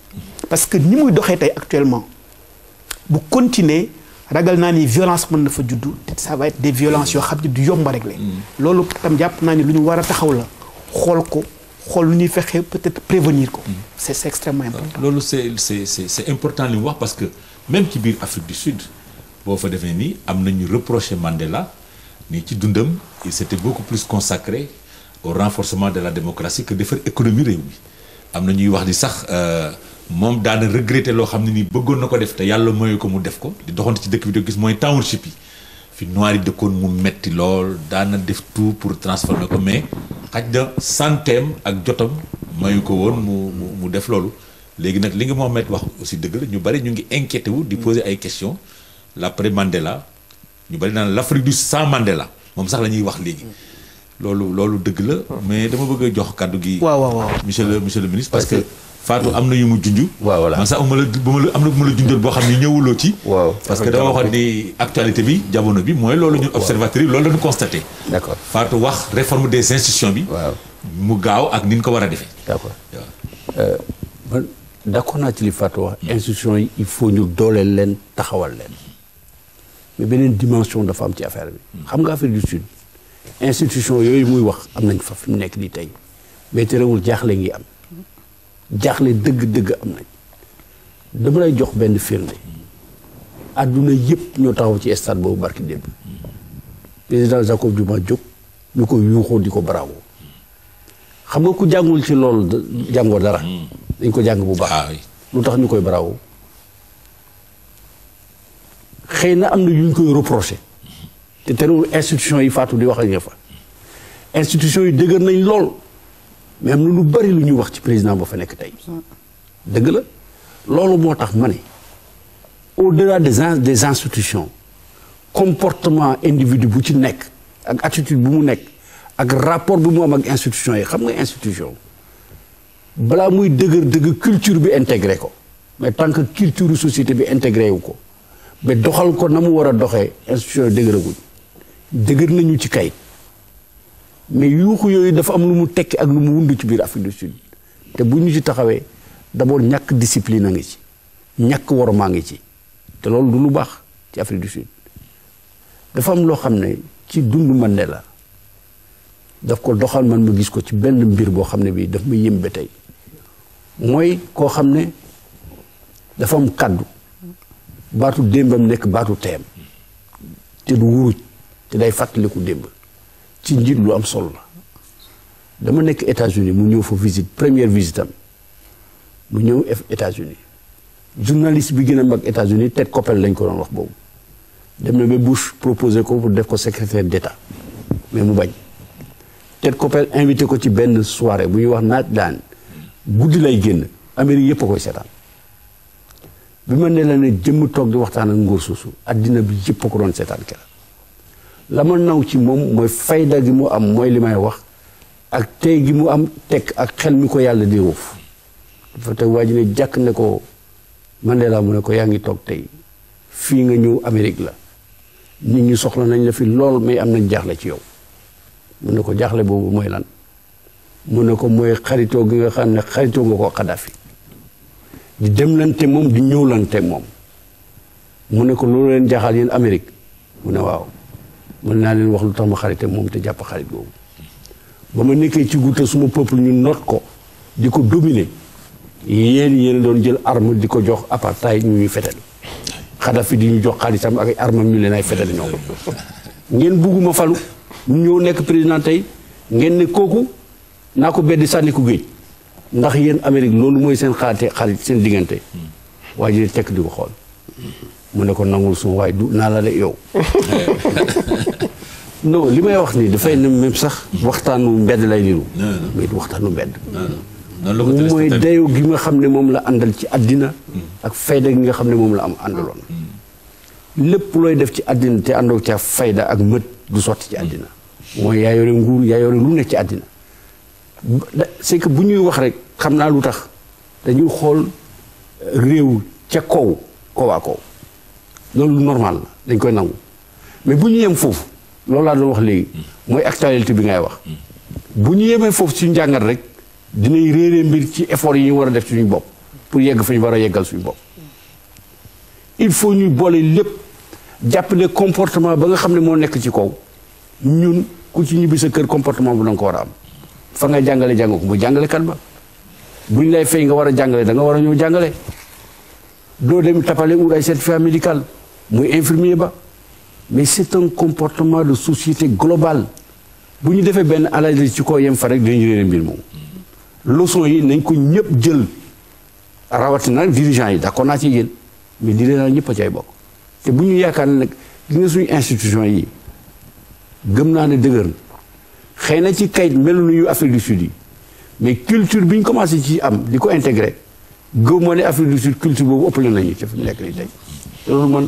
parce que ni muy doxee tay actuellement bu continuer ragal naa ni violence mën na fa juddu ça va être des violences yo xam du yomb a régler mm. loolu tam japp naa ni lu ñu taxaw la xol ko xool peut-être prévenir mm. C'est extrêmement important. C'est important de voir parce que même si l'Afrique Afrique du Sud boo fa venir, nii reproché Mandela ni il s'était beaucoup plus consacré au renforcement de la démocratie que de faire économie réew mi dit que ñuy wax ni sax euh, regretté loo xam ne fait. bëggoon na ko def te yàlla mooy mu def ko di ci fi noir yi dëkkoon mu metti lool daana def tout pour transformer ko mais xaj na santeem ak jotam mayu ko woon mu mu def loolu léegi nag li nga Mohamed wax aussi dëgg la ñu bari ñu ngi inquiété wu di poser ay questions l'après Mandela ñu bari naan l'Afrique du sans Mandela moom sax la ñuy wax léegi loolu loolu dëgg la mais dama bëgg jox kàddu gi waaw waaw waaw monsieur le monsieur parce que Fatou amna ñu yu mu junj. waaw voilà man sax ma la ma la am na bu ma ci. waaw parce que dama waxoon di actualité bi jamono bi moy lolu ñu observatoire lolu la ñu constater d'accord Fatou wax réforme des institutions bi. waaw mu gaaw ak ni ñu ko war a d'accord euh, man d'accord naa ci li Fatou wax institutions il faut ñu dolel len taxawal len mais benen dimension da fa am ci affaire bi. Hmm. xam nga Afrique du Sud institutions yoy muy wax am nañ fa fi mu nekk nii tey mais terewul jaaxle ngi am. jaaxle dëgg-dëgg am nañ dama lay jox benn firnde àdduna yëpp ñoo taxaw ci stade boobu barki démb président Jacob Diouma jóg ñu koy yuuxoo di ko bravo xam nga ko jàngul ci lool jàngoo dara hmm. dañ ko jàng bu baax ah lu tax ñu koy bravo xëy na am na yuñ ñu koy reproché te terewul institution yi faatu di wax ak nga fa institution yi dëgër nañ lool mais am na lu bari lu ñuy wax ci président ba fa nekk tey dëgg la loolu moo au-delà des des institutions comportement individu bu ci ak attitude bu mu nekk ak rapport bu mu ak institution yi xam nga institution balaa muy dëgër dëgg culture bi intégrée ko mais tant que culture société bi intégrée, wu ko mais doxal ko na mu war a doxee institution yi dëgëraguñ nañu ci mais yuuxu yooyu dafa am lu mu tekki ak lu mu wund ci biir Afrique du Sud te bu ñu ci taxawee d'abord ñàkk discipline a ngi ci ñàkk war maa ngi ci te loolu du lu baax ci Afrique du Sud dafa am loo xam ne ci dund la daf ko doxal man ma gis ko ci benn mbir boo xam ne bii daf ma yëm ba tey mooy koo xam ne dafa am kàddu baatu démbam nekk baatu teem te du wuruj te day fàttaliku démb ci njiit lu am solo la dama nek États-Unis mu ñëw fa visite première visite am mu ñëw États-Unis journaliste bi gëna mag États-Unis Ted copel lañ ko doon wax bobu dem na be Bush proposer ko pour def ko secrétaire d'État mais mu bañ Ted copel invité ko ci benn soirée bu ñu wax naaj daan guddi lay génn Amérique yépp a koy seetaan bi ma ne la ne jëmm toog di waxtaan ak ngóor suusu addina bi yëpp a ko doon seetaan keroog la ma naw ci moom mooy fayda gi mu am mooy li may wax ak tey gi mu am teg ak xel mi ko yàlla di ruuf dafa teg waa ji ne jàkk ne ko Mandela mu ne ko yaa ngi toog tey fii nga ñëw Amérique la nit ñi soxla nañ la fi lool mais am nañ jaaxle ci yow mu ne ko jaaxle boobu mooy lan mu ne ko mooy xaritoo gi nga xam ne xaritoo nga ko xaddaafi di demlante moom di ñëwlante moom mu ne ko loolu leen jaaxal yéen Amérique mu ne waaw mën naa leen wax lu tax ma xarite moom te jàpp xarit boobu ba ma nekkee ci guuta suma peuple ñu noot ko di ko dominer yéen yéen doon jël arme di ko jox apartheid ñu ñuy fetal Kadhafi di ñu jox xaalisam ak ay armam ñu leen ay fetal ñoom ngeen bugguma falu ñëw nekk président tey ngeen ne kooku naa ko beddi sànni ko géej ndax yéen Amérique loolu mooy seen xalaate xaalis seen diggante waa ji tekk di ko xool mu ne ko nangul suma waaye du naa la de yow non li may wax nii dafay ne même sax waxtaanu mbedd lay niru mais du waxtaanu mbedd mooy dayo gi nga xam ne moom la àndal ci àddina hmm. ak fayda gi nga xam ne moom la am hmm. àndaloon hmm. lépp looy def ci àddina te àndoo ca fayda ak mët du sotti ci àddina mooy yaa yore nguur yaa lu nekk ci àddina c'est bu ñuy wax rek xam naa lu tax dañuy xool réew ca kaw kawaa kaw loolu normal la dañ koy nangu mais bu ñu yem foofu loolu laa doon wax léegi mooy actualité bi ngay wax bu ñu yemee foofu suñu njàngat rek dinañ réeree mbir ci effort yi ñu war a def suñu bopp pour yegg fi ñu war a yeggal suñu bopp il faut ñuy boole lépp jàpp ne comportement ba nga xam ne moo nekk ci kaw ñun ku ci ñibbi sa kër comportement bu danga ko war a am fa nga jàngale jàng ko bu jàngalekat ba bu ñu lay fay nga war a jàngale da nga war a ñëw jàngale doo dem muy infirmier ba mais c'est un comportement de société globale buñu défé ben benn alal ci koo yem fa rek dinañu réere mbir moom leçon yi nañ ko ñëpp jël rawatina nag dirigeant yi d'accord na ci yéen mais dirigeant ñëpp a cay bok té buñu ñu yaakaar ne nag suñu institution yi gëm naa ne dëgër ci kayit melu nuyu Afrique du Sud yi mais culture bi commencé ci am di intégrer intégré Afrique du Sud culture bobu ëpp la nañu ci fi mu nekk nii man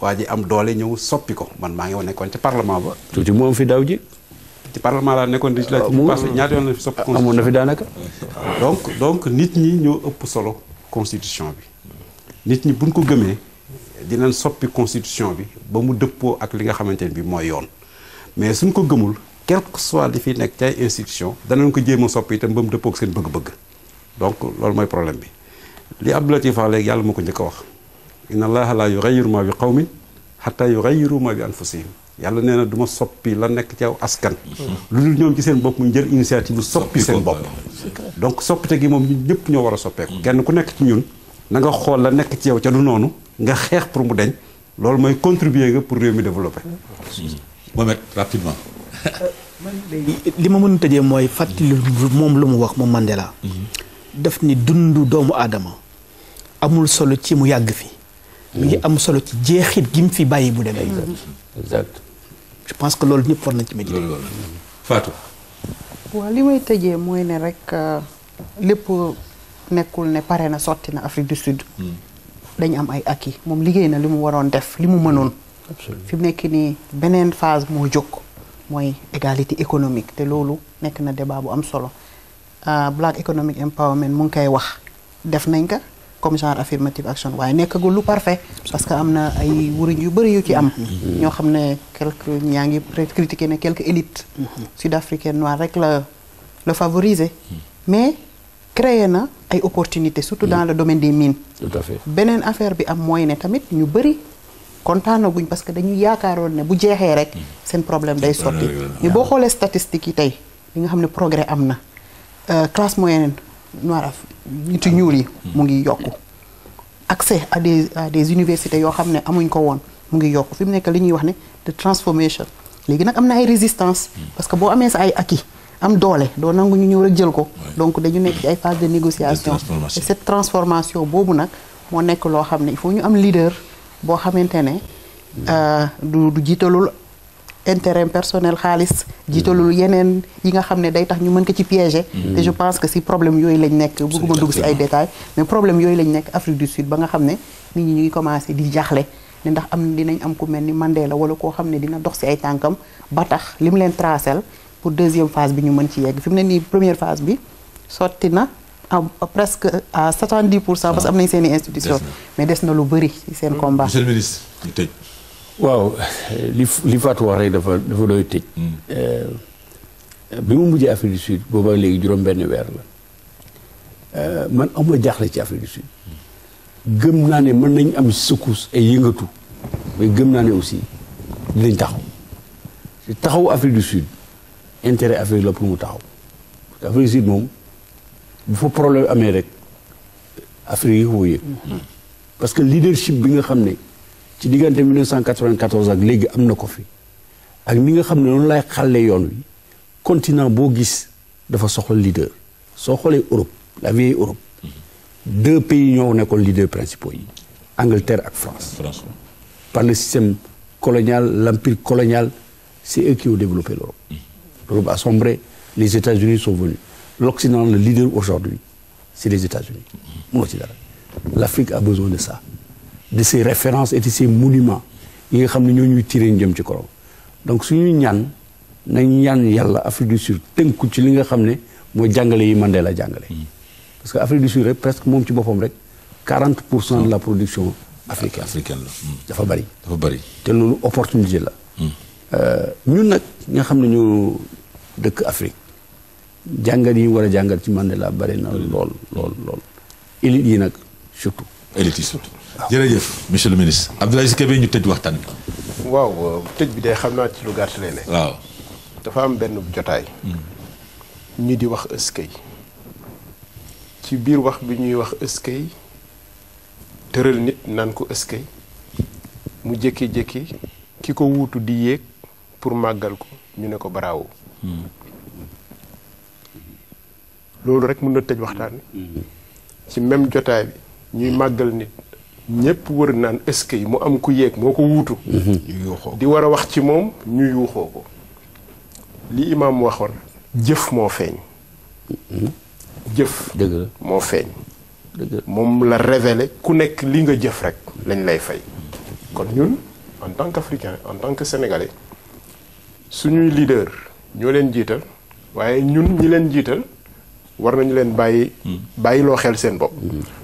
waa ji am doole ñëw soppi ko man maa ngi woon nekkoon ci parlement ba. tuuti moom fi daaw ji. ci parlement laa nekkoon di bi passé ñaata yoon la fi soppi constitution amoon na fi daanaka. donc donc nit ñi ñoo ëpp solo constitution bi nit ñi buñ ko gëmee dinañ soppi constitution bi ba mu dëppoo ak li xamante ne bi mooy yoon mais suñ ko gëmul quel que li fi nekk ci ay danañ ko jéema a soppi itam ba mu dëppoo ak seen bëgg-bëgg donc loolu mooy problème bi li Abdou Latif wax léegi yàlla moo ko njëkk wax. inna allaha la yughayyiru ma bi qawmin hatta yughayyiru ma bi anfusihim yàlla nee na du ma soppi la nekk ci aw askan lu dul ñoom ci seen bopp mu jël initiative bu soppi seen bopp donc soppite gi moom ñun ñëpp ñoo war a soppeeku kenn ku nekk ci ñun nanga nga xool la nekk ci yow ca du noonu nga xeex pour mu deñ loolu mooy contribuer nga pour réew mi développer Mohamed rapidement man euh, li ma mën a tëjee mooy fàttali moom lu mu wax moom Mandela mhm. def ni dundu doomu aadama amul solo ci mu yàgg fi mu ngi am solo ci jeexit gi mu fi bàyyi bu demee. exact je pense que loolu ñëpp nañ ci méditer. Fatou. waaw li may tëjee mooy ne rek euh, lépp nekkul ne pare na sotti na Afrique du Sud. Hmm. dañu am ay acquis moom liggéey na li mu waroon def li mu mënoon. Hmm. fi mu nekk nii beneen phase moo jóg mooy égalité économique te loolu nekk na débat bu am solo euh, Black Economic Empowerment mu ngi koy wax def nañ ko. comme genre affirmative action waaye nekkagul lu parfait parce que amna ay wuruñ yu bëri yu ci am ñoo xamné quelque ñaa critiquer né quelque élite sud-africaine noires rek la le favoriser mais créer na ay opportunités surtout dans le domaine des mines tout à fait Benen affaire bi am moy né tamit ñu bëri kontaanaguñ parce que dañu yaakaaroon né bu jéxé rek seen problème day sorti ñu bo xolé statistiques yi tey li nga xamné progrès amna. Euh, classe moyenne noir af nit ñuul yi mu ngi yokku accès a des des universités yoo xam ne amuñ ko woon mu ngi yokku fi mu nekk li ñuy wax ne de transformation léegi nag am na ay résistance hmm. parce que boo amee sa ay acquis am doole doo nangu ñu ñëw rek jël ko donc dañu nekk ci ay phase de négociation et cette transformation boobu nag moo nekk loo xam ne il faut ñu am leader boo xamante ne euh, du jiitalul intérêt personnel xaalis jiitalul mm. yenen yi nga xamné day tax ñu mën ko ci piéger mm. te je pense que si problème yoy lañ nekk bëgguma dugg ci ay détails mais problème yoy lañ nekk Afrique du Sud ba nga xamné nit ñi ñu ngi commencé di jaxlé né ndax am dinañ am ku melni ni Mandela wala ko xamné dina dox ci ay tankam ba tax li tracel pour deuxième phase bi ñu mën ci yegg première phase bi sorti na presque à 70 parce que am nañ seen institution mais des na lu bëri seen combat monsieur le waaw li li Fatou wax rek dafa dafa doy tëj. Hmm. Eh, bi mu mujjee Afrique du Sud booba léegi juróom-benn weer la eh, man amuma jaaxle ci Afrique du Sud gëm naa ne mën nañ am secousse ay yëngatu mais gëm naa ne aussi dinañ taxaw taxaw Afrique du Sud intérêt Afrique la pour mu taxaw Afrique du Sud moom bu fa problème amee rek Afrique yi yëg hmm. parce que leadership bi nga xam ne ci qu'en 1994 ak léegi amna ko fi ak ni nga xamné non lay xalé yoon continent bo gis dafa soxla leader C'est Europe la vieille Europe mhm. deux pays ñoo les leader principaux Angleterre ak France par le système colonial l'empire colonial c'est eux qui ont développé l'Europe mhm. l'Europe a sombré les États-Unis sont venus l'Occident le leader aujourd'hui c'est les États-Unis mhm. l'Afrique a besoin de ça de ces références et de ces monuments yi nga tiré jambe donc si nous na ñaan Afrique du Sud Tant que tu nga ne Mandela mm. parce que Afrique du Sud presque 40 de la production africaine. africaine la mm. dafa bari. dafa bari Nous, opportunité la. Mm. Euh, ñun nous, nga avons Afrique Mandela lol, lol, surtout. surtout. jërëjëf monsieur le ministre Abdoulaye Aziz Kébé ñu tëj waxtaan bi waaw tëj bi day xam naa ci lu gàtt lay dafa am benn jotaay hmm. ñu di wax ëskay ci biir wax bi ñuy wax ëskay tëral nit naan ko ëskay mu jékki-jékki ki ko wuutu di yéeg pour màggal ko ñu ne ko baraawu hmm. loolu rek mën na tëj waxtaan hmm. ci même jotaay bi ñuy màggal nit ñëpp wër naan est-ce que yi mu am ku yeeg moo ko wuutu mhm. di war a wax ci moom ñu yuuxoo ko li imaam waxoon jëf moo feeñ mhm. jëf dëgg la moo feeñ moom la révélé ku nekk li nga jëf rek lañ lay fay kon ñun en tant qu'africain en tant que sénégalais suñuy leader ñoo leen jiital waaye ñun ñi leen jiital war nañu leen bàyyi mm. bàyyiloo xel seen bopp mm.